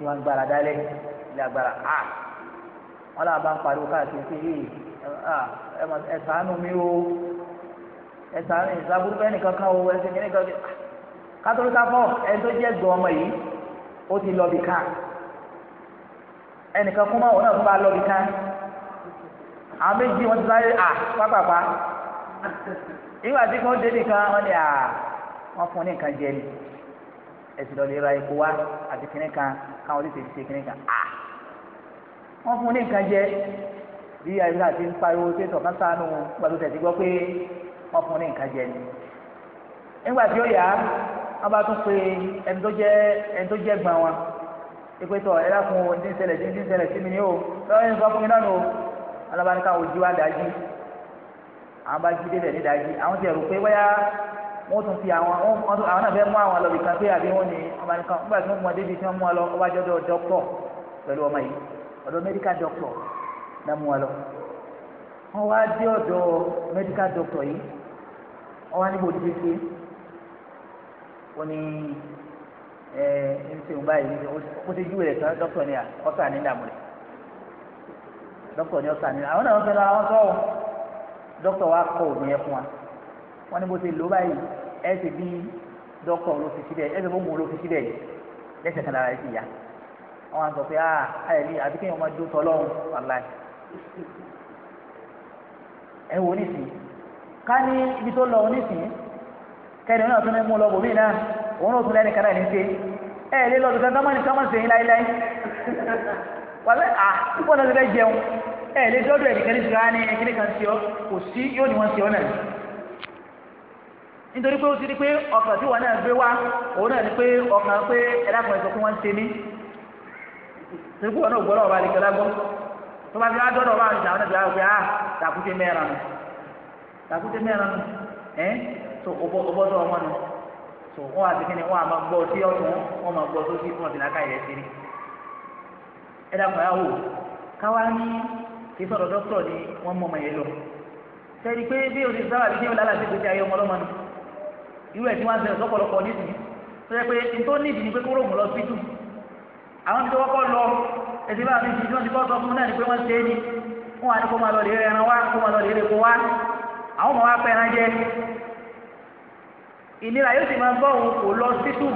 ìwà agbára dálẹ̀ ilé agbára a wọn làwọn bá ń pariwo káàkiri pé ẹ ṣàánú mi o ẹ ṣàánú ìṣàbùrù bẹ́ẹ̀ nìkan kan o ẹ ṣe kí nìkan kí kátólíkà fọ ẹ tó jẹ́ gbọ́ ọmọ yìí ó ti lọ bìkan ẹnìkan kún mọ́ àwọn náà tún bá lọ́ọ̀bì kan
àwọn méjì wọ́n ti
sáré à pápápá
ìgbà tí kò dé nìkan
wọ́n ní à wọ́n fún ní nǹkan jẹ ni ẹ̀sìn lọ́ọ́ lè ra epo wá àti kìnìún kan káwọn lè tètè ṣe kìnìún kan à
wọ́n fún ní nǹkan jẹ
bí àyíká ti ń pariwo ṣé sọ̀kan sánú gbàdúrà tẹ̀sí gbọ́ pé wọ́n fún ní nǹkan jẹ ni nígbà tí ó yá wọ́n bá tún pe ẹni tó jẹ́ ẹni tó jẹ́ gbọ̀n wọn ìpètò ẹ dákun o ní ṣẹlẹ̀ sí ní ṣẹlẹ̀ sí mi ní o lọ́wọ́ yẹn ń sọ fún mi náà o alábàáníkà ojú wa dájú àwọn bá jí débẹ̀ ní dájú àwọn ti rò pé wáyà wọ́n tún fi àwọn àwọn náà fẹ́ mú àwọn lọ ìkan pé àbí wọ́n ní alábàáníkà nígbà tí wọ́n mú wọn débi tí wọ́n mú wọn lọ wọ́n wájú ọ̀dọ̀ dọ́kítọ̀ pẹ̀lú ọmọ yìí ọ̀dọ̀ mẹ́díkà dọ́kítọ̀ náà mú wọn lọ wọ́n wá dé ọ̀dọ̀ mẹ́díkà dọ́kítọ̀ yìí wọ́n ẹ ẹ ń sèwọ́n báyìí ó ti júwèé rẹ̀ tán dókítà ni ọ̀sán ní ìdààmú rẹ̀ dókítà ni ọ̀sán ní àwọn náà wọ́n fẹ́ lọ àwọn sọ́ọ̀ dókítà wa kọ òògùn yẹn fún wa wọ́n ní bó ti lò báyìí ẹ ti bí dókítà ló fi síbẹ̀ ẹ ti fún òun ló fi síbẹ̀ lẹ́sẹ̀ kan lára ẹ ti yá wọ́n á sọ pé ah ayẹ̀ lé àbí kéèyàn máa dó tọ́lọ́run wàláì ẹ wò nísìnyí ká ní ibi tó lọ nísìnyí kẹ́ni náà tún ní mú lọ bòmí náà òun náà tún lẹ́nu kan náà ní ṣe ẹ lé lọ́dún kan tọ́mọ́ni tọ́mọ́ láíláí wàlẹ́ à púpọ̀ náà ti fẹ́ jẹun ẹ lé ní ẹ̀kíní kan sí ọ kò sí yóò ní wọ́n sí ọ náà nítorí pé ó ti di pé ọkàn tí wọn náà gbé wá òun náà ni pé ọkàn pé ẹ̀dá kan sọ pé wọ́n ń ṣe mí torí pé wọn náà gbọ́dọ̀ ọba àlejò lágbọ́ tó bá fi wá dọ́dọ̀ ọba àlejò àwọn tó wọn àti kíni wọn àmà gbọ́ sí ọ̀tún wọn máa gbọ́ sósì fún ọ̀sìn lákàyè ẹ̀ sírí ẹ dàpọ̀ yà wò káwá ní kí sọ̀rọ̀ dọ́kítọ̀ ni wọ́n mọ ọmọ yẹn lọ sẹ́ni pé bí o ti sábà bí yóò lálàá sí ìgbésí ayé ọmọ ọlọ́mọ ni irú ẹ̀ tí wọ́n á sẹ́yìn lọ́pọ̀lọpọ̀ nísìnyí tó yẹ pé nítorí níbi ni pé kó rògùn lọ sí tù àwọn ibi tó kọ́kọ́ lọ ẹtì bá mi jìjọ́ ti kọ́ sọ fún náà ni pé wọ́n ṣe é ní wọ́n á ní kó máa lọ lè rẹ ẹran wá kó máa lọ lè rẹ kó wá àwọn ọmọ wa pẹ́ ẹran jẹ ìnira yóò sì máa bọ́ òun kò lọ sítù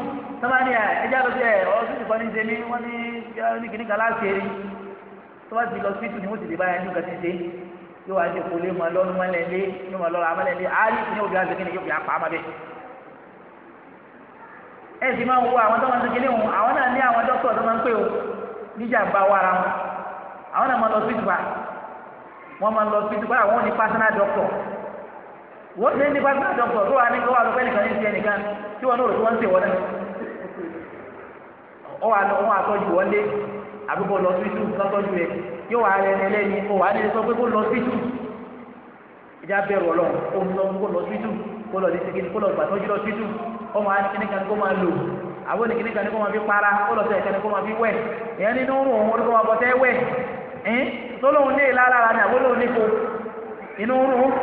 tọ́mání ẹja lọ sí ẹ ọsítù kan ní ṣe ní wọ́n ní tó bá ti lọ ni wọ́n ti dè báyà ní nǹkan ṣe yóò wá jòkó lé mọ lọ́nu mọ́lẹ̀ lé yóò mọ lọ́ra lé àárí ní yóò fi apá ẹ sì máa ń wo àwọn tọ́mọ tuntun léwu àwọn náà ní àwọn dókítà tó máa ń pè níjà bá wa ara wọn àwọn wọ́n ṣe ní pásítọ̀ àjọpọ̀ tó wà ní kó wà lọ́pẹ́ nìkan ní ti ẹnìkan tí wọ́n lóòrò tí wọ́n ń tèwọ́ náà ó wà lọ wọ́n àtọ́jú wọ́n lé àbúkọ lọ sí tù lọ́tọ́jú rẹ̀ yóò wà rẹ ẹni ẹlẹ́ni ó wà á nílé sọ pé kó lọ sí tù ìjà bẹ̀rù ọlọ́run ó ń lọ kó lọ sí tù kó lọ sí kó lọ gbàtọ́jú lọ sí tù kó máa kíní kan kó máa lò àwọn ní kíní kan kó máa fi para kó lọ sí ẹ̀kẹ́ni kó máa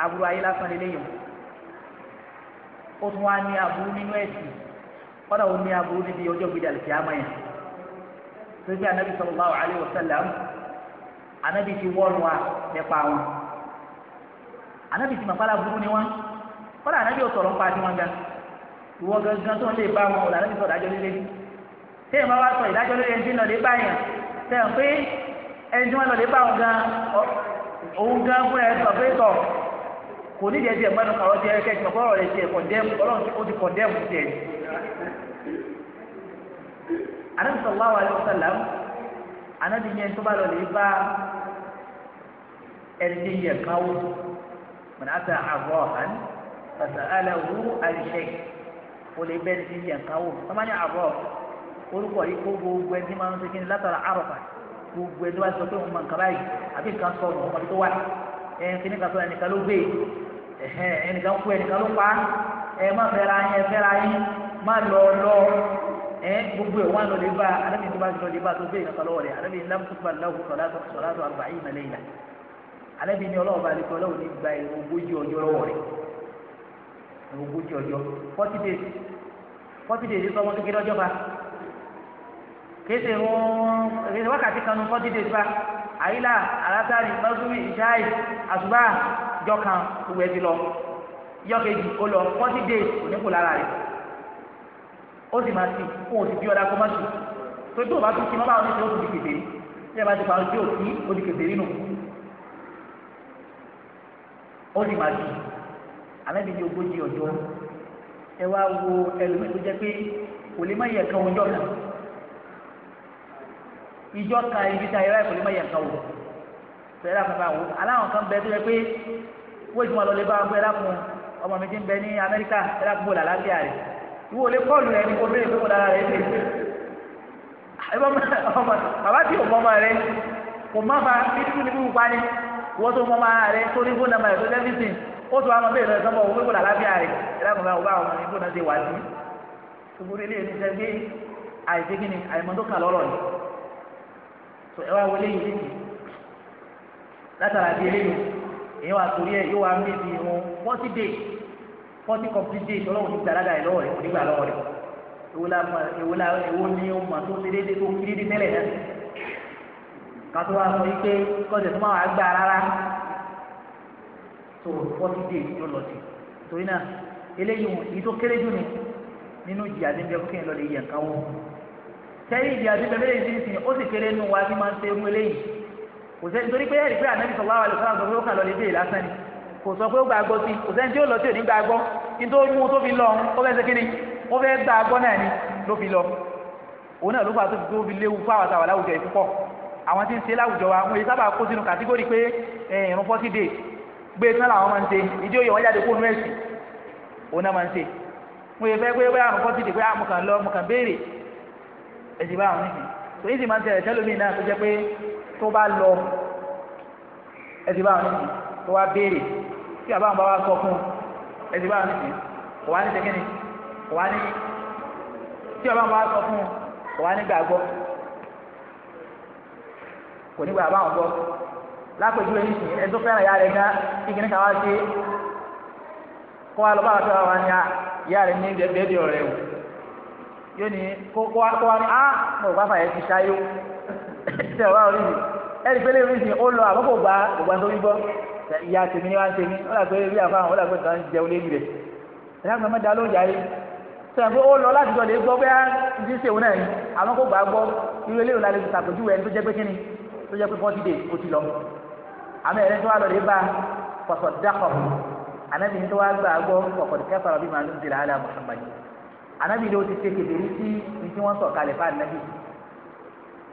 aburú ayé lásán lélẹ́yìn ó tún wá ní aburú nínú ẹ̀sìn kọ́dà ó ní aburú níbi ọjọ́ gbé dàlẹ́ kí á mọ̀ yẹn sọ́jà anabi sallallahu alaihi wasallam anabi ti wọ́ọ̀nù wa nípa wọn anabi ti màkàlà burú ni wọn kọ́dà anabi ò sọ̀rọ̀ nípa ti wọn gan ìwọ gangan tó ń lè bá wọn ò lànà ìsọ̀rọ̀ ìdájọ́ líle téèyàn bá wá sọ ìdájọ́ líle ẹni tí ń lọ lè bá yẹn pé ẹni tí wọ́n lọ lè bá wọn gan òun gan fúnra ẹ̀ sọ pé sọ kò ní ìdẹ́sí ẹ̀ mẹ́nu kàrọ́ jẹ́ kẹ́kẹ́ ìmọ̀ kọ́rọ̀ rẹ̀ ti ẹ̀ kọ̀ndẹ́mù ọlọ́run ó ti kọ̀ndẹ́mù tiẹ̀ ni. anabi sallallahu alayhi wa sallam anabi yẹn tó bá lọ lè bá ẹni yẹ káwó mọ̀nà àti àbọ̀ ọ̀hán pàṣẹ aláwọ̀ àìṣe o lè bẹ́ẹ̀ ti yẹ káwó sọ́mọ́ ní àbọ̀ orúkọ yìí kó gbogbo ẹni máa ń ṣe kí ni látara àròkà gbogbo ẹni wá sọ pé òun máa ń kaba yìí àbí nǹkan sọ ọ̀nà òun máa tó wà ẹ̀ kí ni kà sọ ẹnìkan ló gbé yìí ẹnìkan kú ẹnìkan ló pa ẹ má fẹ́ra yín ẹ fẹ́ra yín má lọ lọ ẹ gbogbo ẹ wọn lọ lè bá alábi tó bá lọ lè bá tó bẹ́ẹ̀ nàkà lọ́wọ́ rẹ̀ alábi ńlá tó bá lọ́wọ́ sọ̀rọ̀ sọ̀rọ̀ àgbà yìí nàlẹ́ yìí la alábi ní ọlọ́wọ́ bá lẹ́kọ̀ọ́ lọ́wọ́ ní gba ogójì ọjọ́ lọ́wọ́ rẹ̀ ogójì ọjọ́ forty days forty days sọmọ kékeré ọjọ́ bá kéde wọn wákàtí kan ní forty days bá àyílà alásàrì mọ́túmí ìṣáì àṣùbà jọ kan gbogbo ẹbí lọ yọ kejì ó lọ forty days òní kò lára rẹ̀ ó sì máa ti kó o sì bí ọ̀dà kó má sùn tó tó o bá tún kí mọ́bà oníṣẹ́ ó tún di kèbèrè tí ẹ bá ti pa ojú òkí ó di kèbèrè nù ó sì máa sùn àlẹ́bí ní ogójì ọjọ́ ẹ wá wo ẹlòmíì tó jẹ́ pé kò lè má yẹ kan ọjọ́ kan ìjọ kan ibi tá a yẹ kò lè má yẹ kan ọjọ́ kan fẹ́rẹ́ àkàtà wò aláwọn kan bẹ tó yẹ pé wọ́n ìtumọ̀ lọ lè bá wọn ẹ̀rá kun ọmọ mi ti ń bẹ ní Amẹ́ríkà ẹ̀rá kun bò lálàáfíà rẹ̀ ìwọ lè kọ́ọ̀lù rẹ̀ ní kó bẹ́ẹ̀ fún ọ̀dára rẹ̀
lè
bàbá tí òun ọmọ rẹ̀ kò má ba títí níbi wù pani wọ́n tó mọ́mọ́ rẹ̀ tó ní fóònù àmàlẹ́ tó lẹ́fíìsìn ó tó àwọn bẹ́ẹ̀ lọ sọ́mọ́ òun fífò lálàáfíà rẹ̀ ẹ̀rá kun bá wọn ní fóònù àti wà sí ìgbóni ilé ìlú sẹ́gbẹ́ àìsèkínni àìmọ́tò kà lọ́rọ̀ ni ẹ wá wọlé yìí látara bíi eléyìí èyí wà torí ẹ yóò wá mí bíi wọn forty days forty complete days ọlọ́run ní gbàdá yìí lọ́wọ́ rẹ̀ kò ní gbà lọ́wọ́ la la ni o mọ tó ti tó kiri náà kátó wa sọ tó wà days yóò lọ sí torí náà eléyìí wọn èyí tó kéré jù ní nínú kéèyàn kò sẹ́ni torí pé ẹ̀rí pé ànábì sallallahu alaihi wasallam sọ pé ó kà lọ lè dé ìlàsán ni kò sọ pé ó gbàgbọ́ sí kò sẹ́ni tí ó lọ tí ò ní gbàgbọ́ nítorí mú tó fi lọ ó fẹ́ ṣe kí ni ó fẹ́ gbàgbọ́ náà ni ló fi lọ òun náà ló fà tó fi léwu fún àwọn àtàwọn aláwùjọ yìí púpọ̀ àwọn tí ń ṣe láwùjọ wa wọn yìí sábà kó sínú kàtígórì pé ìrún fọ́sí dé gbé e tán làwọn máa ń ṣe ìdí òye wọn jáde kó nu ẹ̀sìn òun náà máa ń ṣe wọn yìí fẹ́ pé bóyá àrùn èyí sì máa ń tẹ̀lé tẹ́lómi náà tó jẹ́ pé tó bá lọ ẹtì bá wọn tó wá béèrè tí àbá wọn bá wá sọ fún ẹtì bá wọn kò wá ní tẹ́kẹ́ni kò wá ní tí àbá wọn bá sọ fún kò wá ní gbàgbọ́ kò ní gbàgbọ́ àwọn gbọ́ lápẹ̀jú ẹni sìn ẹni tó fẹ́ràn ìyá rẹ̀ gan kíkiri kan wá sí kó wá lọ bá wà tó wà ìyá rẹ̀ ní bẹ́ẹ̀ ọ̀rẹ́ yóò ní kókó akó wa ní á ah, mo bá fà yẹn ti ṣáyó ṣe ọ̀rọ̀ orí mi ẹni pé léèrè ìsìn ó lọ àkókò gba ògbà tó ń gbọ́ ìyá tèmi ni wá ń tèmi ó làgbé rí àfáwọn ó làgbé nǹkan jẹun lébi rẹ̀ ẹ̀yà gbọ́n mẹ́ta ló yà yìí sọ̀rọ̀ pé ó lọ láti jọ lè gbọ́ pé ti ṣe òun náà ni àwọn kò gbà gbọ́ irú eléyìí lálẹ́ ìṣàpèjúwe ẹni tó jẹ́ pé kíni tó jẹ́ pé forty days ó ti lọ àmì ẹ̀rẹ́ tó wà lọ́dẹ bá pọ̀tọ̀ dákọ̀ ànábìyí tó wá gbà gbọ́ pọ̀tọ̀ kẹfà rọ̀bì màálù ti rà á lá Muhammad anabi ló ti ṣe kedere sí ní tí wọ́n sọ kalẹ̀ fún anabi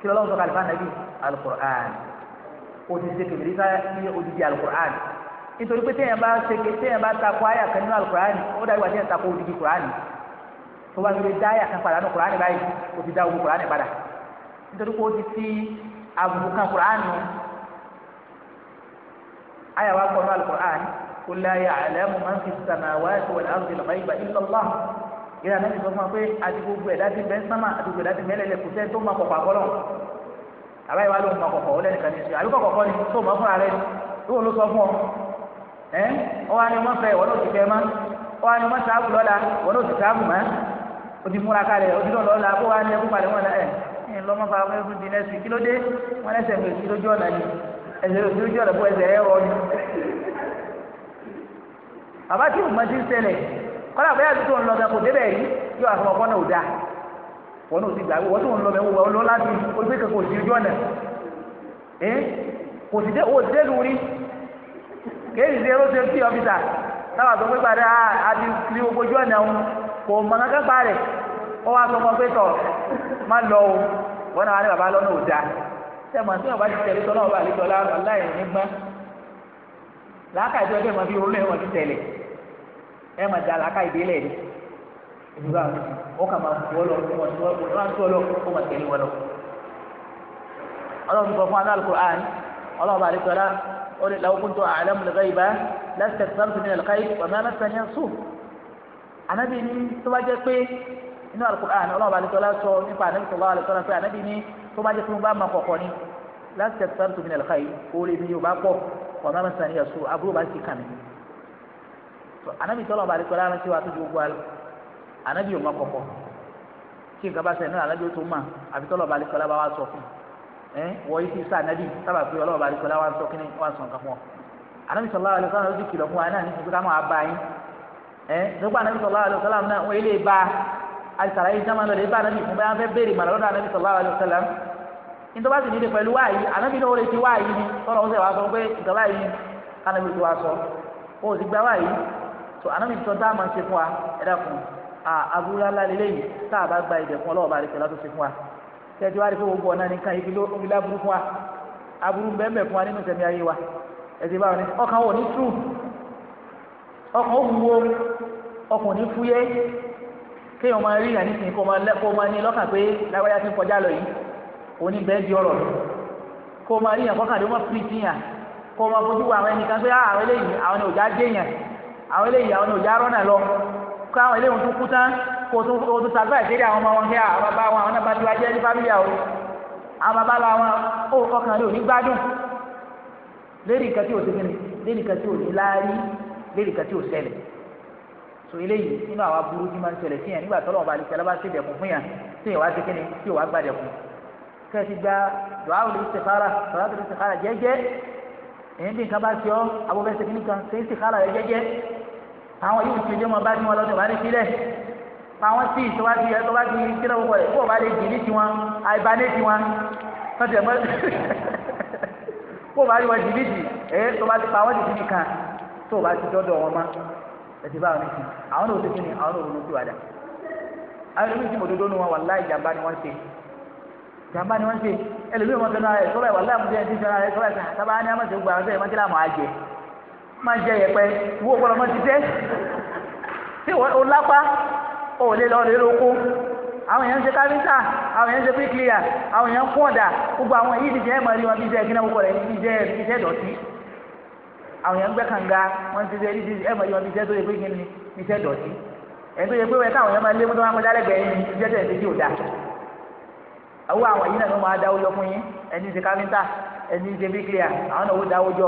kí lọ́wọ́ sọ kalẹ̀ fún anabi alukur'an o ti ṣe kedere sí odidi alukur'an nítorí pé téèyàn bá ṣe ké téèyàn bá takò àyà kan nínú alukur'an ó dàbí wà téèyàn takò odidi kur'an tó bá fi dá àyà kan padà nínú kur'an báyìí o ti dá owó kur'an padà nítorí pé o ti fi àbùkù kan kur'an nù àyà wa kọ́ nínú alukur'an kò láyà àlẹ́ mu máa ń fi sàmáwá ẹ̀sìn wọ̀lẹ́ àrùn ìlọ́mọ ìgbà ìlọ́lá yìí àná ti sọ fún wa pé àti gbogbo ẹ̀dá ti bẹ́ẹ̀ sámà àti gbogbo ẹ̀dá ti bẹ́ẹ̀ lẹ́lẹ́ kò sẹ́ni tó máa kọ̀kọ̀ àkọ́lọ̀ àbáyé wa ló ń máa kọ̀kọ̀ ó lẹ́nu kàní àbí kọ̀kọ̀kọ́ ni tó máa fúnra rẹ lóò ló sọ fún ọ ẹ ọwọ́ ni wọ́n fẹ́ wọ́n ló ti fẹ́ má ọwọ́ ni wọ́n sáàbù lọ́la wọ́n ló ti sáàbù má o ti múra kalẹ̀ o ti lọ́ lọ́la bó wa ni ẹkú palẹ̀ wọn ẹ ẹ lọ́mọ fa fún ti nẹ́sì kílódé wọn ẹsẹ̀ ń gbèsè lójú ọ̀nà ni ẹsẹ̀ lójú ọ̀nà bó kọ́lá bẹ́ẹ̀ tó ń lọ bẹ́ẹ̀ kò débẹ̀ yìí yóò àfọwọ́ kọ́nà ò dáa wọn ò ti gbà wọ́n tó ń lọ bẹ́ẹ̀ wọ́n lọ láti ojú kẹ́kẹ́ kò sí ojú ọ̀nà ẹ́ kò sí dé owó sí délùú rí kéèyàn ṣe rọ́ṣẹ́ sí ọ́fíìsà táwọn àgbẹ̀ pé padà àti kiri gbogbo ojú ọ̀nà òun kò mọ kankan pa rẹ̀ ó wá sọ fún pé tọ̀ má lọ o wọn náà wá ní bàbá lọ́nà ò dáa sẹ́mọ̀ tí ẹ máa da làákà ìdílé ni ìdúrà wọn kà máa wọ lọ wọn tó lọ kó máa tẹ̀lé wọn lọ. ọlọ́run sọ fún Al-Qur'an ọlọ́run bá àdékọ́lá ó ní law kuntu a'lamu al-ghayba lastakthartu mina al-khayr wa ma massaniya as-su' ànábì ní tó bá jẹ́ pé inú Al-Qur'an ọlọ́run bá àdékọ́lá sọ nípa ànábì sallallahu alaihi wasallam pé ànábì tó bá jẹ́ pé mo bá máa kọ̀kọ́ ni lastakthartu mina al-khayr ó lè ní yorùbá pọ̀ wa ma massaniya as-su' àbúrò bá ti kàn mí anabi tọ́lọ̀ ọba àdìpẹ́ lára sí wa tó ju gbogbo alẹ́ anabi yóò mọ kọ̀kọ́ tí nǹkan bá sẹ́yìn náà anabi ó tó mà àbí tọ́lọ̀ ọba àdìpẹ́ lára wa sọ fún ẹ wọ́n yìí ti sá anabi sábà pé ọlọ́ọ̀ba àdìpẹ́ lára wa sọ kí ni wọ́n sọ nǹkan fún ọ anabi sọlá alẹ́ sọlá ló ti fún wa náà ní kíkọ́ ká máa bá yín ẹ nígbà anabi sọlá alẹ́ sọlá náà wọ́n ilé bá alisara yìí sáma lọ́dẹ bá anabi fún bá fẹ́ béèrè màlá lọ́dọ̀ anabi sọlá alẹ́ sọlá nítorí bá sì nílé pẹ̀lú wáyé anabi náà ó lè ti wáyé ni tọ́lọ̀ ó sì wá sọ pé ìtọ́lá yìí anabi ti wá sọ ó sì gbá wáyé tó àná mi sọ tá a máa ṣe fún wa ẹ dákun àbúrò ńlá lélẹ́yìn tá a bá gba ìdẹ̀kùn ọlọ́wọ́ bá àdìsọ́lá tó ṣe fún wa tẹ́tí wá rí fún gbogbo ọ̀nà nìkan ibi lórí láburú fún wa aburú bẹ́ẹ̀ fún wa nínú ìṣẹ̀mí ayé wa ẹ̀sìn báwọn ni ọkàn wò ní tú ọkàn ó wúwo
ọkàn ò ní fúyẹ́
kéèyàn máa rí ìyàní sìn kó máa lẹ́kọ́ máa ní lọ́kàn pé lágbájá ti ń kọjá lọ yìí òní bẹ́ẹ̀ di ọ̀rọ̀ kó máa rí ìyàn kọ́kàdé ó máa fi tiyàn kó máa fojú wa àwọn ẹnìkan pé ah, àwọn eléyìí àwọn ni ò já dé yàn àwọn eléyìí àwọn ò yárọ́ náà lọ kó àwọn eléyìí tó kú tán kó o tó sàgbà ìdílé àwọn ọmọ wọn kí àwọn bàbá wọn àwọn nàbàdí wa jẹ́ ní fámìlì àwọn àwọn bàbá la wọn ó kọkàn lé òní gbádùn lérí nǹkan tí ò ti gbìn lérí nǹkan tí ò ní láárí lérí nǹkan tí ò ṣẹlẹ̀ so eléyìí nínú àwọn aburú tí máa ń ṣẹlẹ̀ sí yàn nígbà tọ́lọ́ ọba àlìkẹ́ alábá ṣe dẹ̀kun fún yàn tí yàn wá ṣe kíni tí yàn wá gbà dẹ̀kun kẹ́sì gba dùá òlù ìsèkára dùá òlù ìsèkára jẹ́jẹ́ èyí bí nǹkan bá ṣe
àwọn yóò ti jẹ́ ọmọ bá tiwọn lọ́dún ìbáni sílẹ̀
àwọn tí ìtọ́wá ti ẹ̀ tọ́wá ti sílẹ̀ wọ́pọ̀ ẹ̀ kó o bá lè jìnnì tiwọn àìbáné tiwọn wọ́n ti ẹ̀ mọ́ kó o bá rí wọn jìnnì jì ẹ̀ tọ́wá ti pa wọ́n jìnnì kan tó o bá ti dọ́dọ̀ wọn mọ́ ẹ̀ ti bá wọn ti àwọn ò ti kí ni àwọn ò ronú síwájà àwọn ẹlòmíì tí mo dodo nu wọn wàláì jàmbá ni wọ́n ṣe jàmbá ni wọ́n ṣe ẹlòmíì wọn kẹ́nu ara ẹ̀ sọ́ra ẹ̀ wàláì mo jẹ́ ẹ̀ ti sọ́ra ẹ̀ sọ́ra ẹ̀ máa jẹ yẹpẹ ìwọ ọpọlọ mọ ti tẹ tí o lápá o lè lọ rẹ lóko àwọn èèyàn ń ṣe káfíńtà àwọn èèyàn ń ṣe píkìlìyà àwọn èèyàn ń kún ọ̀dà gbogbo àwọn yìí ti jẹ́ ẹ̀mọ́ rí wọn bí jẹ́ gíná púpọ̀ rẹ̀ bí jẹ́ bí jẹ́ dọ̀tí àwọn èèyàn ń gbẹ́ kànga wọ́n ti jẹ́ ẹ̀mọ́ rí wọn bí jẹ́ tó yẹ pé kí ni bí jẹ́ dọ̀tí ẹni tó yẹ pé wọ́n káwọn èèyàn máa lé mọ́tò wọn kọjá lẹ́gbẹ̀ẹ́ yìí jẹ́ tẹ̀ ẹ̀sìn tí ò dáa àwọn àwọn yìí náà ló máa dáwọ́ jọ fún yín ẹni ṣe káfíńtà ẹni ṣe bíkìlìyà àwọn náà ó dáwọ́ jọ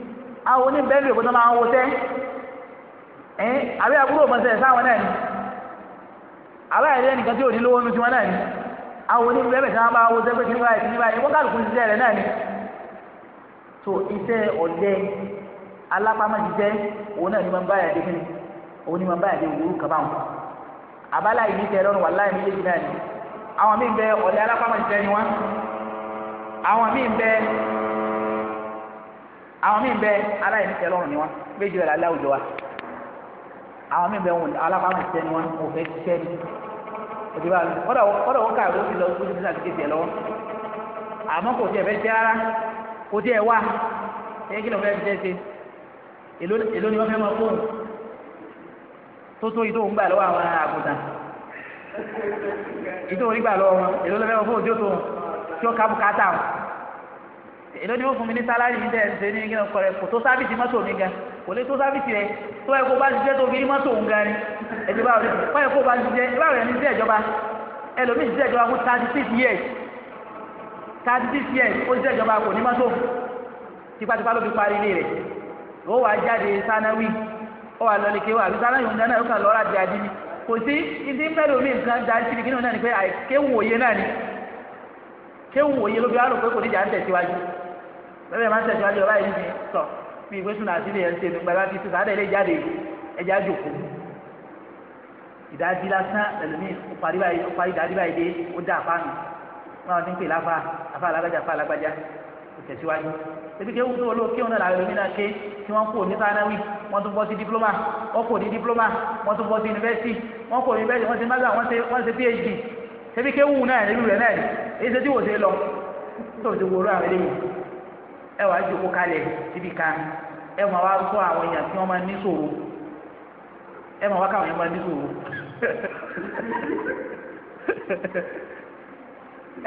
àwọn oníbẹ̀rù èkó tó máa ń wọṣẹ́ ẹ̀ àbí àbúrò mọ̀ṣẹ́ sáwọn náà ni àbá ẹ̀rẹ́ nìkan tí ò ní lówó nu tiwọn náà ni àwọn oníbẹ̀rù tí wọ́n bá wọṣẹ́ pé kí ní báyìí kí ní báyìí wọ́n kálukú ṣiṣẹ́ rẹ̀ náà ni tó iṣẹ́ ọ̀lẹ alápámọ́jíṣẹ́ òun náà ni máa ń báyà dé fún mi òun ni máa ń báyà dé wúrú kàbáwọn abala yìí ní tẹ̀ ni àwọn míì bẹ ọ̀lẹ alápámọ́jíṣẹ́ ni wọ́n àwọn míì àwọn míì bẹ aláìníṣẹ́ lọ́rùn ni wọn méjì rẹ̀ lálẹ́ àwùjọ wa àwọn míì bẹ alábàámọ̀ ṣiṣẹ́ ni wọn kò fẹ́ ṣiṣẹ́ ni òtí bá mi kọ́dọ̀ kọ́dọ̀ wọ́n káàró ti lọ sí ìdílé àti kéde lọ́wọ́ àmọ́ kò tiẹ̀ fẹ́ ṣe rárá kò tiẹ̀ wá ẹ̀yìn kí ló fẹ́ ṣiṣẹ́ ṣe èló ni wọ́n fẹ́ máa fóun tó tó ìdó ń gbà lọ́wọ́ àwọn àgùntàn
ìdó orí gbà lọ́wọ́ wọn èló ló fẹ́ máa fóun tí ó tó tí ó ká bùkátà wọn
èló ni wọ́n fún mi ní sálárì yìí tẹ̀ ṣe ní kíni ọkọ̀ rẹ̀ kò tó sábìsì mọ́tò mi gan kò lè tó sábìsì rẹ̀ tó yẹ kó bá ṣiṣẹ́ tó fi ní mọ́tò òun gan ni ètò ìbáwọ̀ rẹ̀ wọ́n yẹ kó bá ṣiṣẹ́ ìbáwọ̀ rẹ̀ ní iṣẹ́ ìjọba ẹlòmíì ṣiṣẹ́ ìjọba fún thirty six years thirty six years ó ṣiṣẹ́ ìjọba kò ní mọ́tò tipátipá ló fi parí ilé rẹ̀ ó wàá jáde sanawi ó wàá lọlé kéwà àbí sanawi òun dáná yóò lọ́ra di adini kò sí ibi ń omi nǹkan da síbi kí ni òun náà ni pé àìkéwòye náà ni kéwòye ló fi wá rò pé kò ní jà ń tẹ̀síwájú bẹ́ẹ̀ máa ń tẹ̀síwájú ọba yìí ní sọ bí ìwé sùn àti ilé ẹ̀ ń ṣe nígbà bá ti sùn sáà dẹ̀ jáde ẹja jòkó ìdájí lásán ẹlòmí ọparí báyìí ọparí ìdájí báyìí dé ó dá àfa nù wọn ti ń pè láfa àfa alágbájá àfa alágbájá kò tẹ̀síwájú ebi kéwù tó olóò kéwù náà làwọn ẹlòmí náà ké tí wọ́n kó ní sanawi wọ́n tún bọ́ sí diploma wọ́n kó ní diploma wọ́n tún bọ́ sí yunifásitì wọ́n kó yunifásitì wọ́n ti máa wọ́n ṣe wọ́n ṣe phd ebi kéwù náà ẹlú rẹ̀ náà èyí ṣe tí wò ṣe lọ tó ti wòrò àwọn eléyìí ẹ wàá jókòó kalẹ̀ síbi kan ẹ máa wá sọ àwọn èèyàn tí wọ́n máa ní ṣòro ẹ máa wá káwọn èèyàn máa ní ṣòro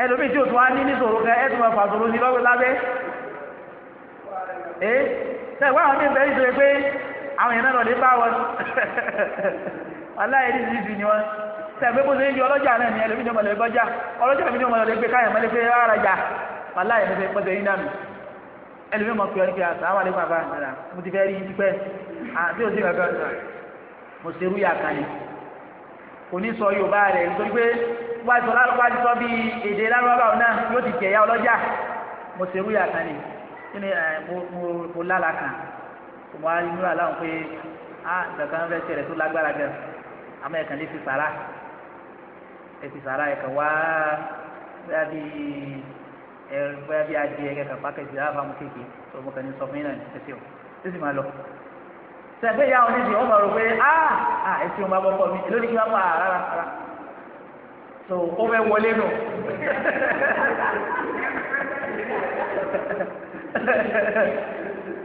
ẹlòmíì tí o tún wá ní ní ṣòro kan ẹ tún máa fà ṣòro sí lọ́gbẹ́ lábẹ́ ẹ ṣe ìwé àwọn míì bẹ́ẹ̀ ní sọ pé àwọn èèyàn náà lọ lè bá wọn aláìní ti fi ni wọn tẹ̀gbẹ́ bó ṣe ń yọ ọlọ́jà náà ni ẹlòmíì ní ọmọ lè bọ́jà ọlọ́jà mi ní ọmọ lè gbé káyọ̀ mọ́lẹ́ pé rárá jà aláìní ti pọ́sẹ̀ yín dànù ẹlòmíràn mọ̀ pé ọ́ ní pé àtàwọn àlejò àbá àtàrà mo ti fẹ́ rí yín pípẹ́ àti òsì kankan sọ mo ṣe rú yàtà ni kò ní sọ Yorùbá rẹ̀ nítorí pé wá sọ lálùbá ti sọ bí èdè lálùbá náà yóò ti jẹ̀yà ọlọ́jà mo ṣe rú yàtà ni kí ni mo lálàkà mo á inú àláwọn pé ah kankan fẹ́ ṣẹlẹ̀ tó lágbára gan àmọ́ ẹ̀kan lè fi sàrà ẹ̀ fi sàrà ẹ̀kan wá bí ẹ bóyá bí adìẹ kẹkẹ pàkẹ́jì á fàmù kéèké tó mo kàn ní sọ fún yín náà ní ẹsẹ̀ o ṣé sì máa lọ. sẹ́gbẹ́ ìyá òní ti wọ́n rò pé á ẹsẹ̀ o máa bọ́ pọ̀ mi lónìí kí wọ́n máa ah, rárá rárá tó ó fẹ́ wọlé nù.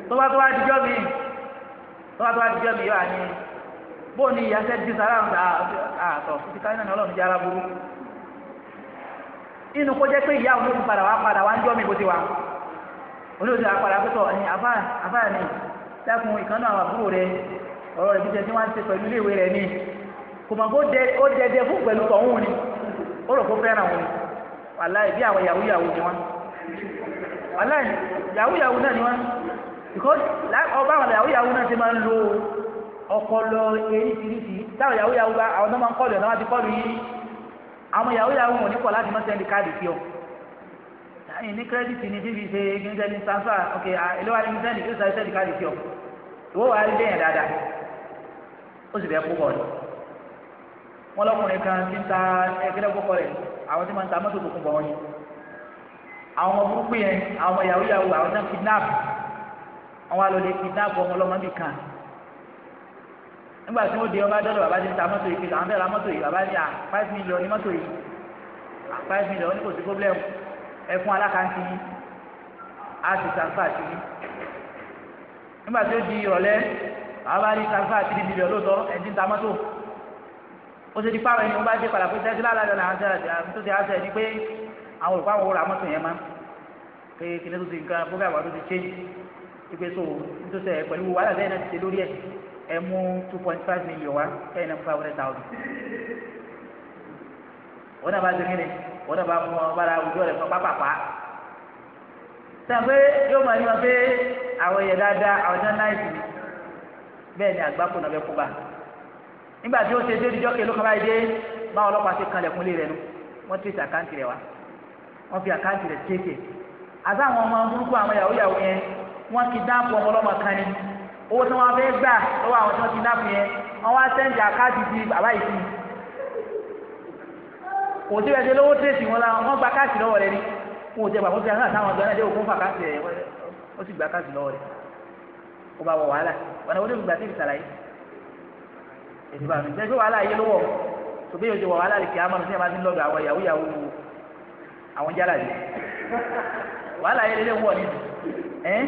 tó bá tó wá dijọ́ mi
tó bá tó wá dijọ́ mi yóò wá ní bóun ni ìyá sẹ́ di sara ń ta àtọ̀ títí káyọ̀ náà ọlọ́run jẹ́ aráburú. inú kó jẹ́ pé ìyá òun ló ti padà wá padà wá ń jọ́ mi bó ti wà olóòtú àpàdà pẹ́tọ̀ ẹ̀yìn àbá ni dákun ìkànnì àwọn àbúrò rẹ ọ̀rọ̀ rẹ̀ jíjẹ tí wọ́n ń ṣe pẹ̀lú ni kò mọ̀ kó ó fún pẹ̀lú tọ̀hún ni ó rò kó fẹ́ràn òun wàláì bí àwọn yahoo ni wọ́n ọba àwọn náà ti máa lo eríṣiríṣi táwọn bá àwọn náà máa ń ẹ̀ náà àwọn yahoo yahoo wọn ò ní kọ̀ láti má sẹ́ndì káàdì sí ọ ẹ̀yìn ní kírẹ́dìtì ni bíbí ṣe gíńsẹ́ni sáfà ok ẹlẹ́wà ní sẹ́ndì kí ó sáré sẹ́ndì káàdì sí ọ ìwọ wàá rí bẹ́yẹn dáadáa ó sì bẹ́ẹ̀ púpọ̀ ni wọn lọkùnrin kan ti ń ta ẹgbẹ́rẹ́ púpọ̀ rẹ̀ àwọn tí máa ń ta mọ́tò tó kún bọ̀ wọn ni àwọn ọmọ burúkú yẹn àwọn yahoo yahoo àwọn náà kidnap àwọn alọ́lẹ̀ kidnap ọmọ ọlọ́mọ kan nígbà tí wọ́n di ọba dọ́dọ̀ bàbá ti ta mọ́tò yìí kìlọ̀ àwọn fẹ́ẹ́ ra mọ́tò yìí bàbá ti à ah, five million ní mọ́tò yìí à ah, five million ní kò sí problem ẹ fún alákàntì yìí á ti sàǹfà sí i nígbà tí ó di ìrọ̀lẹ́ àwọn bá rí sàǹfà sí i mílíọ̀n lóòótọ́ ẹ̀ ti ta mọ́tò ó ti di pààrọ̀ ẹni wọ́n bá dé padà pé tẹ́tí lálẹ́ náà tó ti àṣẹ ni pé àwọn olùkọ́ àwọn òwúrọ̀ àmọ́tò yẹn má pé kìnìún ti nǹkan fúnbẹ́ àwọn ọdún ti so nítòsẹ̀ pẹ̀lú wàhálà lẹ́yìn náà ti ṣe lórí ẹ mú two million wá kẹ́yìn náà five hundred thousand.
wọ́n náà bá gbé kíni wọ́n
náà bá mú ọ bára àwùjọ rẹ̀ fún pápápá. sàgbé yóò máa yọ pé àwọn èèyàn dáadáa àwọn èèyàn náà ìsìn bẹ́ẹ̀ ni àgbákò náà bẹ kú bá. nígbà tí ó ṣe dé ìjọ kẹló kan báyìí dé báwọn ọlọ́pàá ti kan lẹ̀kúnlé rẹ̀ nu wọ́n tètè àkáǹtì rẹ̀ wá wọ́n fi àkáǹtì rẹ̀ tètè àtàwọn ọmọ burúkú àwọn yàwó yàwó yẹn wọ́n ti dáàbò ọmọ ọlọ́mọ kan ni owó tí wọ́n fẹ́ gbà lọ́wọ́ àwọn tí wọ́n ti dáàbò yẹn wọ́n wá sẹ́ǹdì àkáàtì ti bàbá yìí fún un kò sí ẹsẹ̀ lówó tẹ̀sí wọn la wọ́n gba káàsì lọ́wọ́ rẹ̀ ni wọn ò tẹ gbà fún ti àwọn àtàwọn ọ̀dọ́ náà dé òkú fà káàsì rẹ̀ wọ́n sì gba káàsì lọ́wọ́ rẹ̀ ó bá wọ wàhálà ọ̀nà wọlé olùgbà tí ì sàlàyé èdè bá mi sẹ́fẹ́ wàhálà yé lọ́wọ́ tòbí yóò ṣe wàhálà rẹ̀ kí á máa ń sẹ́yìn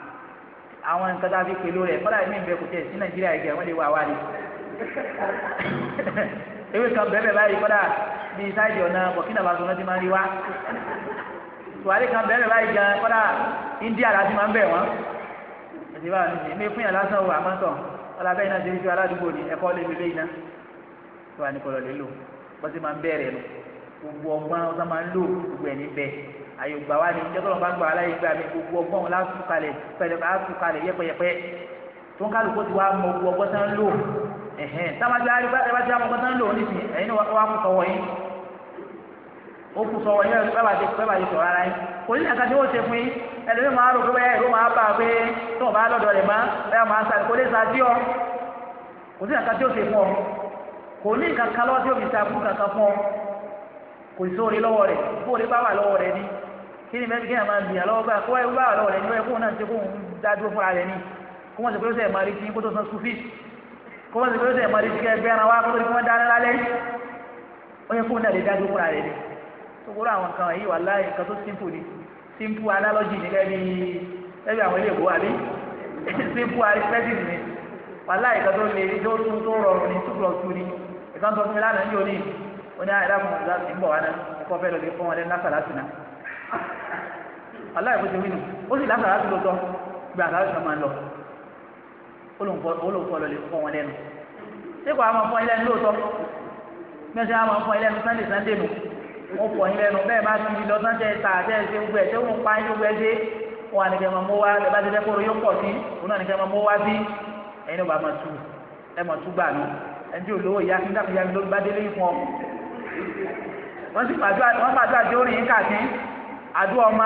àwọn nǹkan tá a fi pèlò rẹ̀ kọ́lá ẹ̀mí ìbẹ̀kù tẹ̀ sí nàìjíríà yìí wọ́n lè wà wá ni ewé kan bẹ́ẹ̀ báyìí kọ́lá bí sáìdì ọ̀nà burkina faso náà ti máa ń rí wá tùwárí kan bẹ́ẹ̀ báyìí gan kọ́lá india la ti máa ń bẹ̀ wọ́n ẹ̀sì bá wọn ní fún yàrá lásán wò àmọ́ tán kọ́lá bẹ́ẹ̀ náà ti rí ju aládùúgbò ní ẹ̀kọ́ lé mi léyìn náà tó wà ní lò bọ́sí máa ń bẹ̀rẹ̀ lò gbogbo ọgbọ́n ọ̀sán àyògbà wa ni jẹ́tọ́ lọ́ba gbà aláyé gbà mí gbogbo ọgbọ́n la tú kalẹ̀ pẹ̀lẹ́pẹ̀ á tú kalẹ̀ yẹ́pẹ̀yẹ́pẹ́ tó ń kálukó ti wá mọ gbogbo ọgbọ́n tán lò ẹ̀hẹ́n tábàtí arígbà tábàtí amọ̀gbọ́n tán lò nísìnyí ẹ̀yin ni wọ́n kú sọ̀wọ́ yín ó kú sọ̀wọ́ yín bẹ́ẹ̀ bá ti sọ̀rọ̀ ara yín kò ní àkàtì ó ṣe fún yín ẹlẹ́mi máa rò pé bẹ́ẹ̀ ìlú máa bá a pé tó o bá lọ́dọ̀ rẹ̀ má bẹ́ẹ̀ máa sa kò lè sa dí ọ kò sí àkàtì ó ṣe fún ọ kò ní nǹkan kan lọ́wọ́ tí ó fi sa fún kankan fún ọ kò sí orí lọ́wọ́ rẹ̀ bó orí bá wà lọ́wọ́ rẹ̀ ni kí ni mẹ́rin kí ni a máa bìyàn lọ́wọ́ báyìí kó wáyé báyà lọ́wọ́ rẹ̀ ní wáyé kóun náà ṣe kóun dádúró fúnra rẹ̀ ni kó wọ́n ṣe pé ó sẹ̀ máa rí ti kó tó san sùfì kó wọ́n ṣe pé ó sẹ̀ máa rí ti kẹ́ ẹgbẹ́ ara wa kó tó ní kí wọ́n dáná lálẹ́ ó yẹ kóun náà lè dádúró fúnra rẹ̀ ni tó kó àwọn nǹkan yìí wà láàyè nǹkan tó simple ni simple analogy ni lẹ́bi lẹ́bi àwọn ilé ìbò àbí simple arithmetic ni wà láàyè nǹkan tó aláìkó ti wínú ó sì lásàrá tó lọ́tọ́ gbé àtàrà ìṣọ́ máa ń lọ olùkọ́ lọ lè fọ́ wọn lẹ́nu ṣé
kò á máa fọ́ ilé ẹni lóòótọ́
mẹ́sàn á máa fọ́ ilé ẹni sunday sunday nù wọ́n fọ́ ilé ẹnu bẹ́ẹ̀ bá ti lọ sunday ta àtẹ́ ẹ̀ ṣe gbogbo ẹ̀ ṣé wọ́n pa ẹ̀ gbogbo ẹ̀ ṣe wọn àníkẹ́ máa mú wá bẹ́ẹ̀ bá ti fẹ́ kóró yóò pọ̀ sí òun àníkẹ́ máa mú wá sí ẹ̀yin ló bá máa tú ẹ̀ máa tú gbà ní ẹni tí olówó ìyá fún dàpọ̀ ìyá mi ló bá délé fún ọ
wọ́n sì pàdé àdúrà tí ó rìn yín káàkiri
àdúrà ọmọ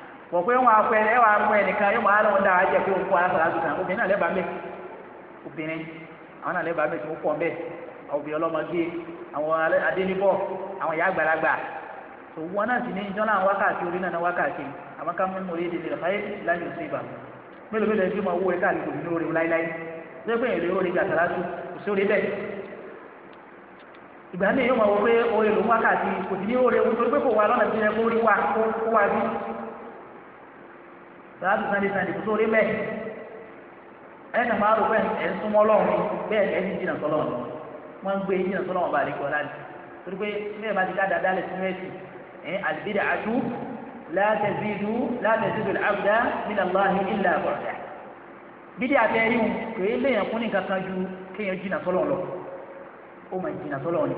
wọ́n pé wọ́n afẹ́ ẹ e mú ẹnìkan yóò máa lọ́wọ́ dáa jẹ́ pé òkú aláṣà àti kan obìnrin náà lẹ́bàá mi obìnrin àwọn náà lẹ́bàá mi tó pọ̀ mbẹ́ obìnrin àwọn àwọn ìyá àgbàlagbà tó wọn náà sì ní ìjọ náà wákàtí orí náà wákàtí àwọn ká mímú orí ìdílé ọ̀fáyé ìbà mélòó mélòó máa wó ẹ kò ní orí wọ orí sàlátù sànni sànni kò sóore mẹ ẹ nà máa rò bẹ́ẹ̀ ẹ ń súnmọ́ lọ́rùn bẹ́ẹ̀ ẹ ti jìnnà sọlọ wọn gbé jìnnà sọlọ wọn bá àlejò ọlá ni torí pé mẹ́rin bá ti ká dáadáa lẹ sínú ẹsìn ẹ àlùbídà àdú látẹsídu látẹsídu àbúdá minallahi illa bọ̀dá bídí àtẹ̀yìn kèé léèyàn kún ní kankan ju kéèyàn jìnnà sọlọ lọ ó mà jìnnà sọlọ ni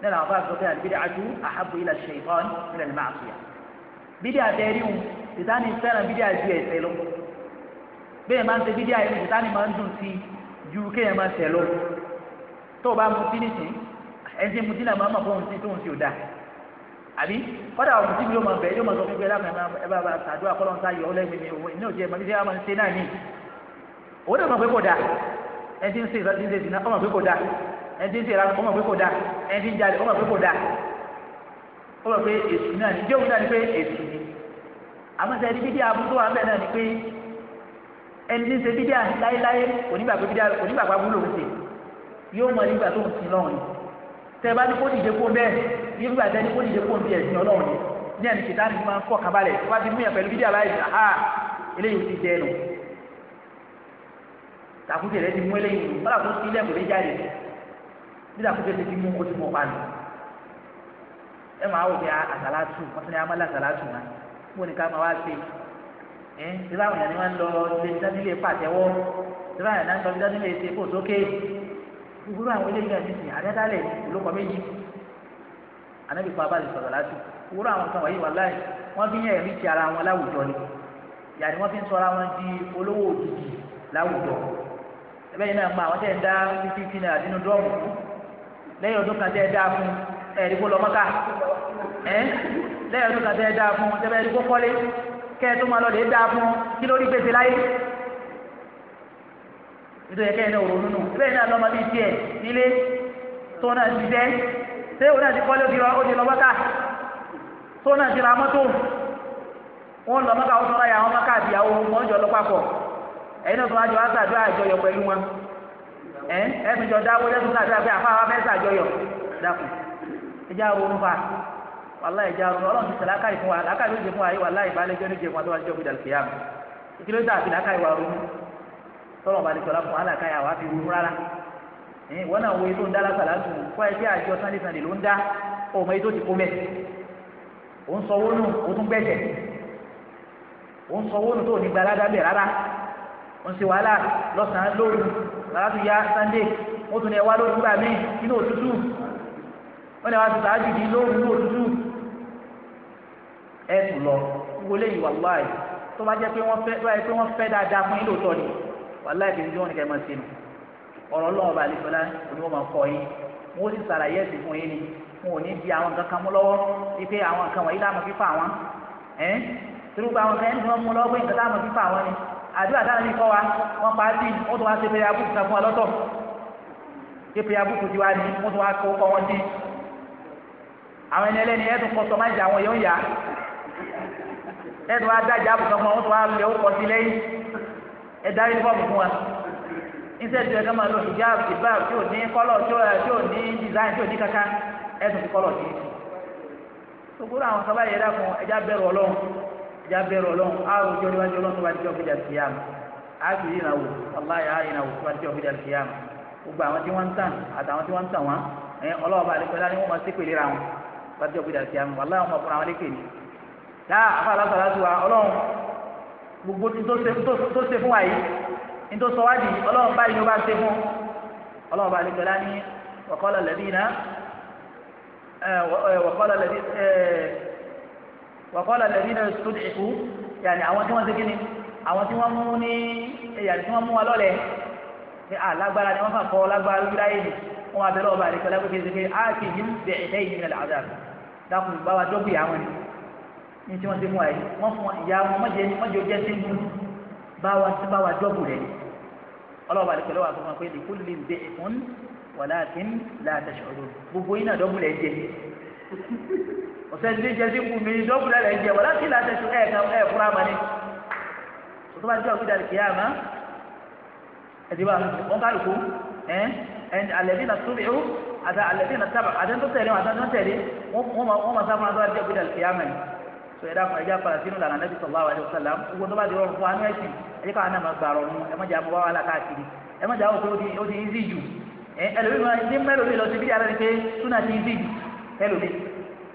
nínú àwọn bá sọ pé àlùbídà àdú àhábù ilà ṣèkọ́ni sitani fẹ́ràn bídíà ju ẹ̀ṣẹ̀ lọ bẹ́ẹ̀ máa ń ṣe bídíà yìí sitani máa ń dùn sí ju kéèyàn máa ṣẹ̀ lọ tó o bá mutí nìsín ẹ̀ṣẹ̀ mutí náà máa mọ̀ fún mutí tó ń ṣe ò da àbí kọ́dà àwọn mutí mi yóò máa bẹ̀ yóò máa sọ fún bẹ́ẹ̀ ẹ bá sàdúrà kọ́lọ́ ń sá yọ ọlẹ́mìí mi òun ní òjì ẹni ń ṣe ìsọdí ń ṣe ìsìnà ọmọ pé kò dáa ẹni tí ń ṣe ìlànà ọmọ pé kò dáa ẹni tí ń jalè ọmọ pé kò dáa ọmọ pé èsì náà ní àmọ́sẹ̀ ẹni bídíà abúlé wa bẹ́ẹ̀ náà ni pé ẹni tí ń ṣe bídíà láéláé onígbàgbé bídíà onígbàgbá wúlò ń ṣe yóò mọ nígbà tó ń sin lọ́run tẹ bá ní kó dìde kó bẹ́ẹ̀ nígbà tẹ ní kó dìde kó ń bí ẹ̀sìn ọlọ́run ní ẹni kìtá ni máa ń fọ́ kábàlẹ̀ wá ti múyàn pẹ̀lú bídíà báyìí àhá eléyìí ti jẹ ẹnu tàkùtì rẹ ti mú eléyìí nù bọ́lá kó sí ilé ẹ̀kọ́ lé jáde bí tàkùtì rẹ ti mú kó ti mọ̀ pa nù ẹ máa wò pé àtàlátù wọ́n ti ní amálà àtàlátù náà mo nìkan máa wá ṣe ẹ síbá àwọn èèyàn ni wọn lọ ilé ìdánilé pàtẹ́wọ́ síbá àwọn èèyàn náà lọ ìdánilé ṣe kó sókè gbogbo àwọn ilé ìgbà yìí àdádálẹ olóko méjì anábì kan abáàlì sọ̀rọ̀ láti gbogbo àwọn kan wọ̀nyí wàláì wọn fi yẹn ẹ̀rí ti ara wọn láwùjọ ni yàrá wọn fi ń sọra wọn di olówó òjijì láwùjọ ẹbẹ yìí náà mọ àwọn tẹ ń dá fífi náà nínú dọ́ọ̀mù lẹ́yìn ọdún kan tẹ ẹ dá fún ẹ̀rí kó lọ mọ́ká ẹ́ lẹ́yìn tó tàbí dáa fún wọn tẹ́bẹ́ ẹni kọ́lé kẹ́ máa lọ lè dáa fún wọn kí lórí gbèsè láyé nítorí ẹ̀kẹ́ ẹ̀nà òrò nínú lọ́mọ bíi tiẹ̀ nílé tó náà ti jẹ́ ṣé òun náà ti kọ́lé ó ti lọ tó náà ti ra mọ́tò wọn lọ sọ́ra yàwọn wọn jọ ẹ̀yin náà tó wàláì já ọdún ọlọ́run ti sàlákà ìfún wa làákà ló jẹ fún wa yìí wàláì balẹ̀ jọ́ ní jẹ fún wa tó wà ní jọ́gbìn dàlùkì ya ìkìlọ̀ dà fi làákà ìwà ronú tọ́lọ̀ bá sọ̀rọ̀ fún alákà yà fi ronú rárá wọn náà wo ètò ń dá lásàlátù kọ́ ẹ bí àjọ sunday sunday ló ń dá ọmọ ètò ti kó mẹ́ òun sọ wónú òun tún gbẹ̀jẹ̀ òun sọ wónú tó ní rárá òun sì wàhálà yá sunday tún ní ẹ wá ẹ tún lọ wọlé yìí wàláì tó bá jẹ́ pé wọ́n fẹ́ tó bá jẹ́ pé wọ́n fẹ́ dáadáa fún yín lóòótọ́ ni wàláì kìí tí wọ́n ní kẹ́ máa ṣe nù ọ̀rọ̀ lọ́wọ́ bá lè fọlá òní wọ́n máa kọ́ yín wọ́n sì ṣàlàyé ẹ̀sìn fún yín ni wọn ò ní di àwọn nǹkan kan mú lọ́wọ́ ní pé àwọn nǹkan wọ̀nyí láàmú fífa àwọn ẹ̀ tìrúgba àwọn kan ẹni mú lọ́wọ́ pé nǹkan láàmú fífa àwọn ni àdúrà táwọn ní kọ́ wa wọ́n pa á sí wọ́n tún wá ṣe pẹ̀lú abúkù kan fún wa lọ́tọ̀ ṣe pẹ̀lú abúkù tiwa ni àwọn ẹni ẹlẹ́ni ẹ̀ tún kọ́ sọ má jà àwọn yóò yá
ẹnu adájà àbùkà fún wa wọn tó wá lé ọkọ sí lẹ́yìn
ẹdá yunifọmù fún wa iṣẹ́ tí ẹ̀ka máa lọ hijab hijab tí ò ní kọ́lọ̀ tí ò ní design tí ò ní kaka ẹ̀sùn fi kọ́lọ̀ sí i. gbogbo àwọn sábà yẹ dá fún ẹja bẹ̀rù ọlọ́run ẹja bẹ̀rù ọlọ́run àrùn ojú ọdúnwájú ọlọ́run tó bá dijọ́ fìdí àlùkìyàm àti yìí ọláyà àyè tó bá gbogbo àwọn tí láà afáàlá sọ̀rọ̀ àti wa ọlọ́run gbogbo tó ṣe fún wa yìí ní tó sọ wá di ọlọ́run báyìí ló bá ṣe fún ọlọ́run bá nípa lá ní wàkọ́lá lẹ́bí iná wàkọ́lá lẹ́bí wàkọ́lá lẹ́bí iná sódì ìkú yàní àwọn tí wọ́n ṣe kí àwọn tí wọ́n mú ní yàní tí wọ́n mú wa lọ́lẹ̀ ní alágbára ni wọ́n fà kọ́ lágbára lórí láyé ni wọ́n ọba àdìpẹ́ lágbègbè ṣe pé á kì í bẹ̀ẹ́ ní tí wọ́n ti mú àyè wọ́n fún ìyá wọn mọ́jẹ mọ́jẹ ojú ẹsẹ̀ mú báwa tí báwa jọ́bù rẹ̀ ọlọ́wọ́ balẹ̀ pẹ̀lú àwọn akọ̀mọ̀ pé lè kúlù lè dé ìfún wàláàkín láàtẹ̀sọ̀rọ̀ gbogbo yín náà dọ́bù rẹ̀ jẹ ọ̀sẹ̀ ní jẹ́ sí kú mi dọ́bù rẹ̀ jẹ wàláàkín láàtẹ̀sọ̀rọ̀ ẹ̀ kan ẹ̀ fúra mọ́ ni tó bá jẹ́ ọ̀gbìn dàrí kìá mọ́ ẹ̀dí wa wọ́n ká lùkú ẹ̀ ẹ̀ alẹ́bí na tóbi ó àti alẹ́bí na sọ ẹ̀dá fún ẹja fara sínú lànà nàbì sallallahu alaihi wasallam gbogbo tó bá di rọrùn fún anú ẹ̀sìn ẹ̀jẹ̀ káwọn náà máa gbà rọrùn ẹ̀ mọ̀jà mọ̀ wàhálà káàkiri ẹ̀ mọ̀jà ó ti ó ti easy jù ẹlòmíràn ní mẹ́lòmí lọ sí ara rẹ̀ pé súnà ti easy jù ẹlòmí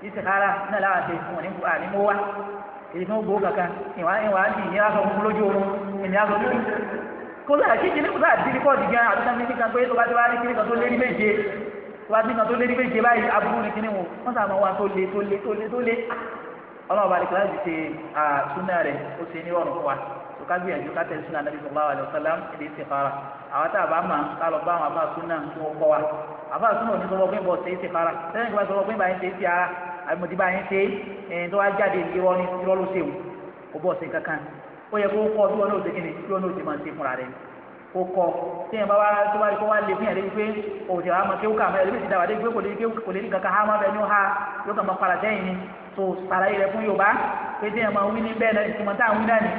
ìsèkára náà láwọn àti wọn ní àní mú wá èyí tó ń kankan ìwà ìwà ní ìyá sọ fún lójú oorun ìyá sọ fún kó lóyè kíkì ní kó lóyè àti rìkọ́ọ̀dì gan àti kíkan pé tó bá ti wá rí kan tó lé ní méje tó bá kan tó lé ní méje báyìí aburú ní kíní wọn wọn sàmọ wa tó le tó le tó le tó le ọlọ́ọ̀bá àti kíláàsì ṣe súnà rẹ̀ ó ṣe ní ọ̀rùn fún wa tó ká gbìyànjú ká tẹ̀lé súnà nàbí sọ̀rọ̀ àlẹ́ ọ̀sálàm èdè ìṣèkára àwọn tá a bá mà ká lọ bá àwọn àbá súnà tó kọ́ wa àbá súnà òní sọ́wọ́ pé bọ̀ ṣe ìṣèkára sẹ́yìn ìgbà sọ́wọ́ pé bá yín ṣe ti ara àbí mo ti bá yín ṣe ẹ̀yìn tó wá jáde irọ́ ni irọ́ ló ṣe wù kó bọ̀ ṣe kankan ó yẹ kó kọ́ bí wọn náà ṣe kíni bí wọn náà ṣe máa ṣe fúnra rẹ̀ kó kọ́ sẹ́yìn bá wá tó wá kó wá lè fún yàrá wípé òun ti wá máa kéwù kà máa ẹ̀rí ti dàwádé wípé kò lè ní kankan há máa bẹ ní ó yóò kàn máa para sẹ́yìn ni tó sàlàyé rẹ̀ fún yorùbá pé tí ẹ máa wí ní bẹ́ẹ̀ náà ìtumọ̀ tá à ń wí náà ni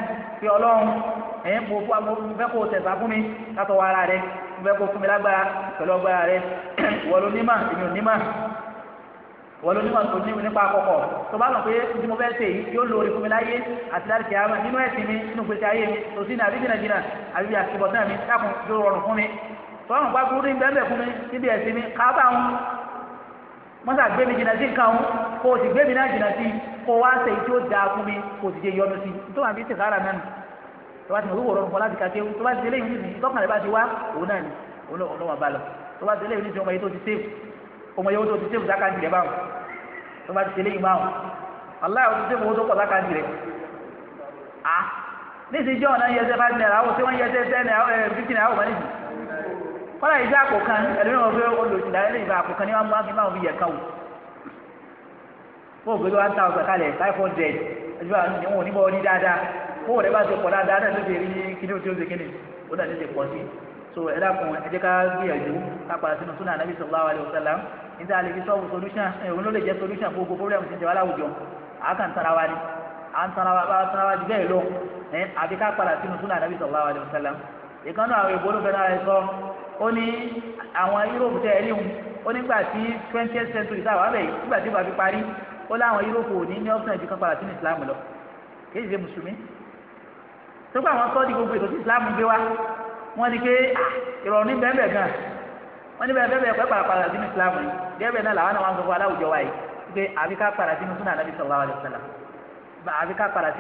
pé ọlọ́run ẹ̀yìn mo fún mo fẹ́ kó o tẹ̀sà fún mi látọ̀ wọ ara rẹ mo fẹ́ kó o fún mi lágbára pẹ̀lú ọgbára rẹ wọ́n ló ní mà èmi ò ní mà wọ́n ló ní mà tó ní nípa àkọ́kọ́ tó bá mọ̀ pé tí mo fẹ́ ṣe yóò lo orí fún mi láyé àti láti kí ama nínú ẹ̀sìn mi nínú gbèsè ayé mi tó sí ní àbí jìnnà jìnnà àbí àtibọ̀ náà mi dákun yóò rọrùn fún mi tó bá ní bẹ́ẹ̀ bẹ́ẹ̀ fún mi níbi ẹ̀sìn mi kábàáhùn mọ́tà gbé mi jìnnà sí nǹkan ọ̀hún kó o sì gbé mi náà jìnnà sí i kó o wá ṣe ìjó dáa fún mi kó o sì jẹ ìyọnu sí i tó wà ní sèkára náà nù tó bá ti mọ̀ wíwò rọrùn fún láti ka kéwù tó bá ti eléyìí nìyí tọ́kàn rẹ̀ bá ti wá òun náà ni òun náà wà bá lọ tó bá ti eléyìí nìyí ọmọ yìí tó ti sèwù ọmọ yìí tó ti sèwù sákàǹtì rẹ̀ báwọn tó bá ti ṣe eléyìí báwọn aláyọ̀ tó ti sèwù owó tó pọ̀ sákàǹtì rẹ̀
à níṣìṣẹ́ ọ̀nà yẹsẹ̀ bá nẹ̀rẹ̀ àwọn tí wọ́n yẹsẹ̀ sẹ́ àwọn mọ́nìjì kọ́lá ìjọ àpò kan ẹ̀lú náà
wọ́n àpò kan ní wọ́n mú fún ògbélé one thousand kalẹ̀ five hundred ẹjọ́ àwọn ìwọ̀n oníbọ̀ ọdí dáadáa fún òwúrẹ́ bá ti pọ̀ dáadáa náà ló ti rí kíní tí ó kíní ó náà ti pọ̀ sí so ẹ dákun ẹ jẹ́ ká gbìyànjú ká padà sínú súnà anábì sallallahu alaihi wasallam níta àlè fi sọ́ọ̀bù solution òun ló lè jẹ́ solution gbogbo problem ti ń jẹ wá láwùjọ àákà ń tara wa ni à ń tara wa bá tara wa jù bẹ́ẹ̀ lọ ẹ àbí ká padà sínú súnà anábì sallallahu alaihi wasallam ìkànnì àwọn ìbò ló fẹ́ náà sọ ó ní àwọn Europe tẹ́ ẹ níhun ó nígbà tí twentieth century táwọn abẹ́ yìí nígbà tí ó fi parí ó láwọn yúróòpù ò ní ní ọ́fíìsì ìdíkan padà sínú ìsìlámù lọ kéde ṣe mùsùlùmí tó bá wọn sọ di gbogbo ètò tí ìsìlámù gbé wá wọn ni pé ìrọ̀rùn ní bẹ́ẹ̀ bẹ́ẹ̀ gan wọn ní bẹ́ẹ̀ bẹ́ẹ̀ pẹ́ padà sínú ìsìlámù yìí bẹ́ẹ̀ bẹ́ẹ̀ náà làwọn náà wọn sọ wa yìí pé àbí ká padà sínú súnà nàbí sallallahu alaihi wasallam àbí ká padà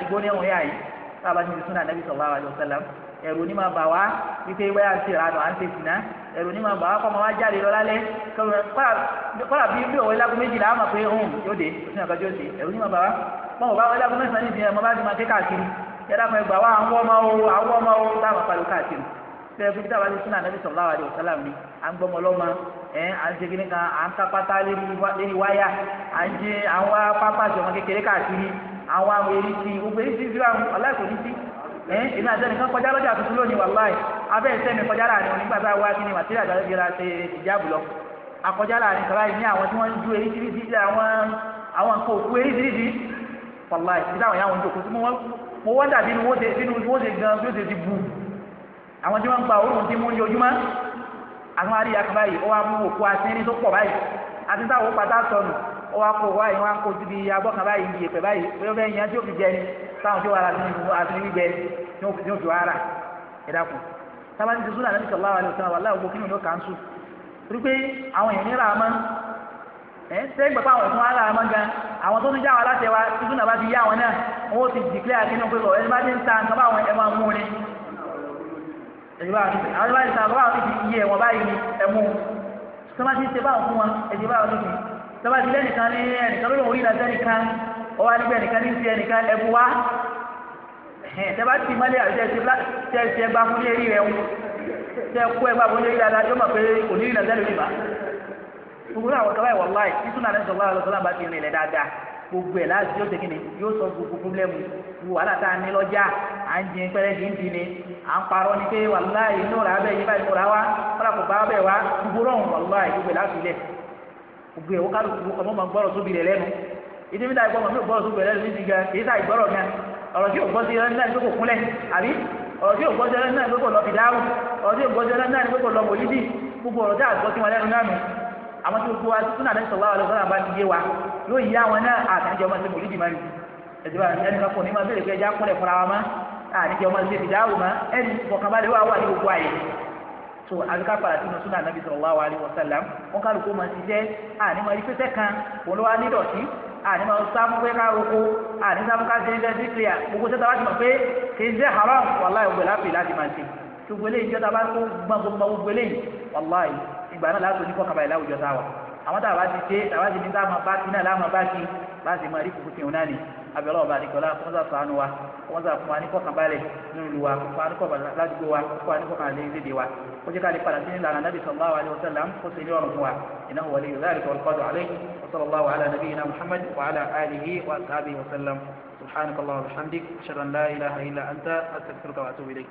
síbẹ̀ táwa bá ti Nabi súnà nàbí sallallahu alaihi wasallam ẹ̀rù ní ma bà wá wípé wáyà ń tèrà àná à ń tè sínà ẹ̀rù ní ma bà wá kọ́mọ wá jáde lọ lálẹ́ kọ́là bí bí òwe lágún méjìlá àmọ̀ pé òun yóò dé òsì náà kọjú òsì ẹ̀rù ní ma bà wá mọ̀ wọ́n bá wọ́n lágún mẹ́sàn-án nìyẹn mo bá ti máa ké káàkiri yàrá fún ẹgbàá wa àwọn ọmọ o àwọn ọmọ o táwọn pariwo káàkiri bẹ́ẹ̀ fún táwa ti súnà nàbí sallallahu alaihi wasallam ni à ń gbọ́mọ lọ́mọ ẹ à ń segin kan à ń kápátá lérí wáyà à ń jẹ àwọn pápá ìjọba kékeré káàkiri àwọn àwọn èyí ti gbogbo èyí ti síra aláìkò ní sí ẹ̀ẹ́n èmi àtẹnì kan kọjá lọ́jà tuntun lónìí wà láì abẹ́ ìsẹ́mi kọjá láàrin wọn wá kí ni màtírí àgbà fi ra ṣe ìjáàbù lọ akọjá láàrin kàrá ní àwọn tí wọ́n ju èyí ti rí àwọn àwọn nǹkan òkú èyí ti rí di wàláì ti dáhùn yà wọn jòkó tí mo wọ́n dàbí ni wọ́n ṣe bí wọ́n ṣe gan bí ó ṣe ti bu àwọn tí wọ́n ń gba òórùn tí mo ń yọjúmọ́ àwọn àríyá kan báyìí ó wá mú òkú asínrín tó pọ̀ báyìí àti ó wá kó wáyé wá kó síbi abọ́ kan báyìí iye pẹ̀ báyìí pé ó fẹ́ yan tí ó fi jẹ ni táwọn tí ó wà láti àti níbi jẹ ni tí fi wá rà ẹ dákun ní ti súnà nàbí sọlá wa lè sọ wà láwùjọ kí ni ó kàn sùn torí pé àwọn èèyàn ra àmọ́ ẹ ṣé gbàgbọ́ àwọn ìfún wa ra àmọ́ gan àwọn tó ń já wa láti wa tí súnà bá ti yá àwọn náà wọn ó ti dìklẹ́ àkínú ń ta báwọn ẹ máa mú báwọn ti àwọn ìbáraẹni sábà ti lẹ́nìkan ní ẹnìkan ló lóun rí ìlànà ẹnìkan ọwọ́ anígbẹ́ ẹnìkan ní ti ẹnìkan ẹ̀bù wá sábà ti mọ́lẹ̀ àti ẹgbà fún ní eré rẹ̀ ń tẹ kó ẹgbà fún ní eré dáadáa yóò mọ̀ pé kò ní ìlànà ẹlòmíì bá gbogbo àwọn kaba ìwà láì títún náà lẹ́sọ̀ wà lọ́sọ̀ láǹbà ti rìn lẹ̀ dáadáa gbogbo ẹ̀ láti yóò tẹ̀kínni yóò sọ gbogbo pọ́blẹ́mù wàhálà tá a ní lọ́jà à ń jin pẹ́rẹ́ kì í ni à ń parọ́ ni pé wàláì inú rà bẹ́ẹ̀ yí báyìí kó ra wa kó ra kó bá bẹ́ẹ̀ wa gbogbo rọ̀hún wàláì gbogbo ẹ̀ láti lẹ̀ gbogbo ẹ̀wọ́ kálukú ọmọ máa gbọ́rọ̀ tóbi rẹ̀ lẹ́nu ìdí mi ta ìgbọ́ màmí ògbọ́rọ̀ tóbi rẹ̀ lẹ́nu níbi gan kì í ta ìgbọ́rọ̀ gan ọ̀rọ̀ tí ògbọ́ sí ẹni náà ní kò kúnlẹ̀ àbí ọ̀rọ̀ tí ògbọ́ sí ẹni náà ní kò lọ fìdáhùn ọ̀rọ̀ tí ògbọ́ sí ẹni náà ní kò lọ mòlídì gbogbo ọ̀rọ̀ tí àgbọ̀ sí wọn lẹ́nu náà nù àwọn tí gbogbo asúnà ní sọ̀rọ̀ àwọn ọ̀rọ̀ bá ti yé wa yóò yí àwọn náà àtàjọ ọmọ sí mòlídì máa má àníjọ ọmọ so àbíká padà sínú súnà nàbí sallallahu alaihi wasallam wọn kálukú máa ti jẹ́ ànímọ̀ ife tẹ́ kan òun ló wá ní dọ̀tí ànímọ̀ sáfún pé ká roko ànímọ̀ sáfún ká jẹ́ ẹ̀jẹ̀ clear gbogbo sẹ́ta wá ti mọ̀ pé kì í jẹ́ haram wàláì ògbè lápè láti máa ṣe gbogbo eléyìí jọta bá tó gbọ́n gbogbo gbogbo eléyìí wàláì ìgbà náà láti oníkọ́ kaba ìlà òjọta wa àwọn tá a bá ti ṣe tàbá ti ní tá a máa bá kí náà láà máa bá kí bá a sì máa rí kùkù sí òun náà nìyí abẹ́rẹ́ ọba àdìgbọ́lá kó wọ́n sà sànù wa kó wọ́n sà fún wa ní kọ̀kànbalẹ̀ nínú ìlú wa kó fún wa ní kọ̀kànbalẹ̀ ládùúgbò wa kó fún wa ní wa kó jẹ́ ká lè padà sí ìlànà nàbì sallallahu alaihi wasallam kó sì ní ọ̀rùn fún wa innahu waliyyu dhalika wal qadiru alayhi wa sallallahu ala nabiyyina muhammad wa ala alihi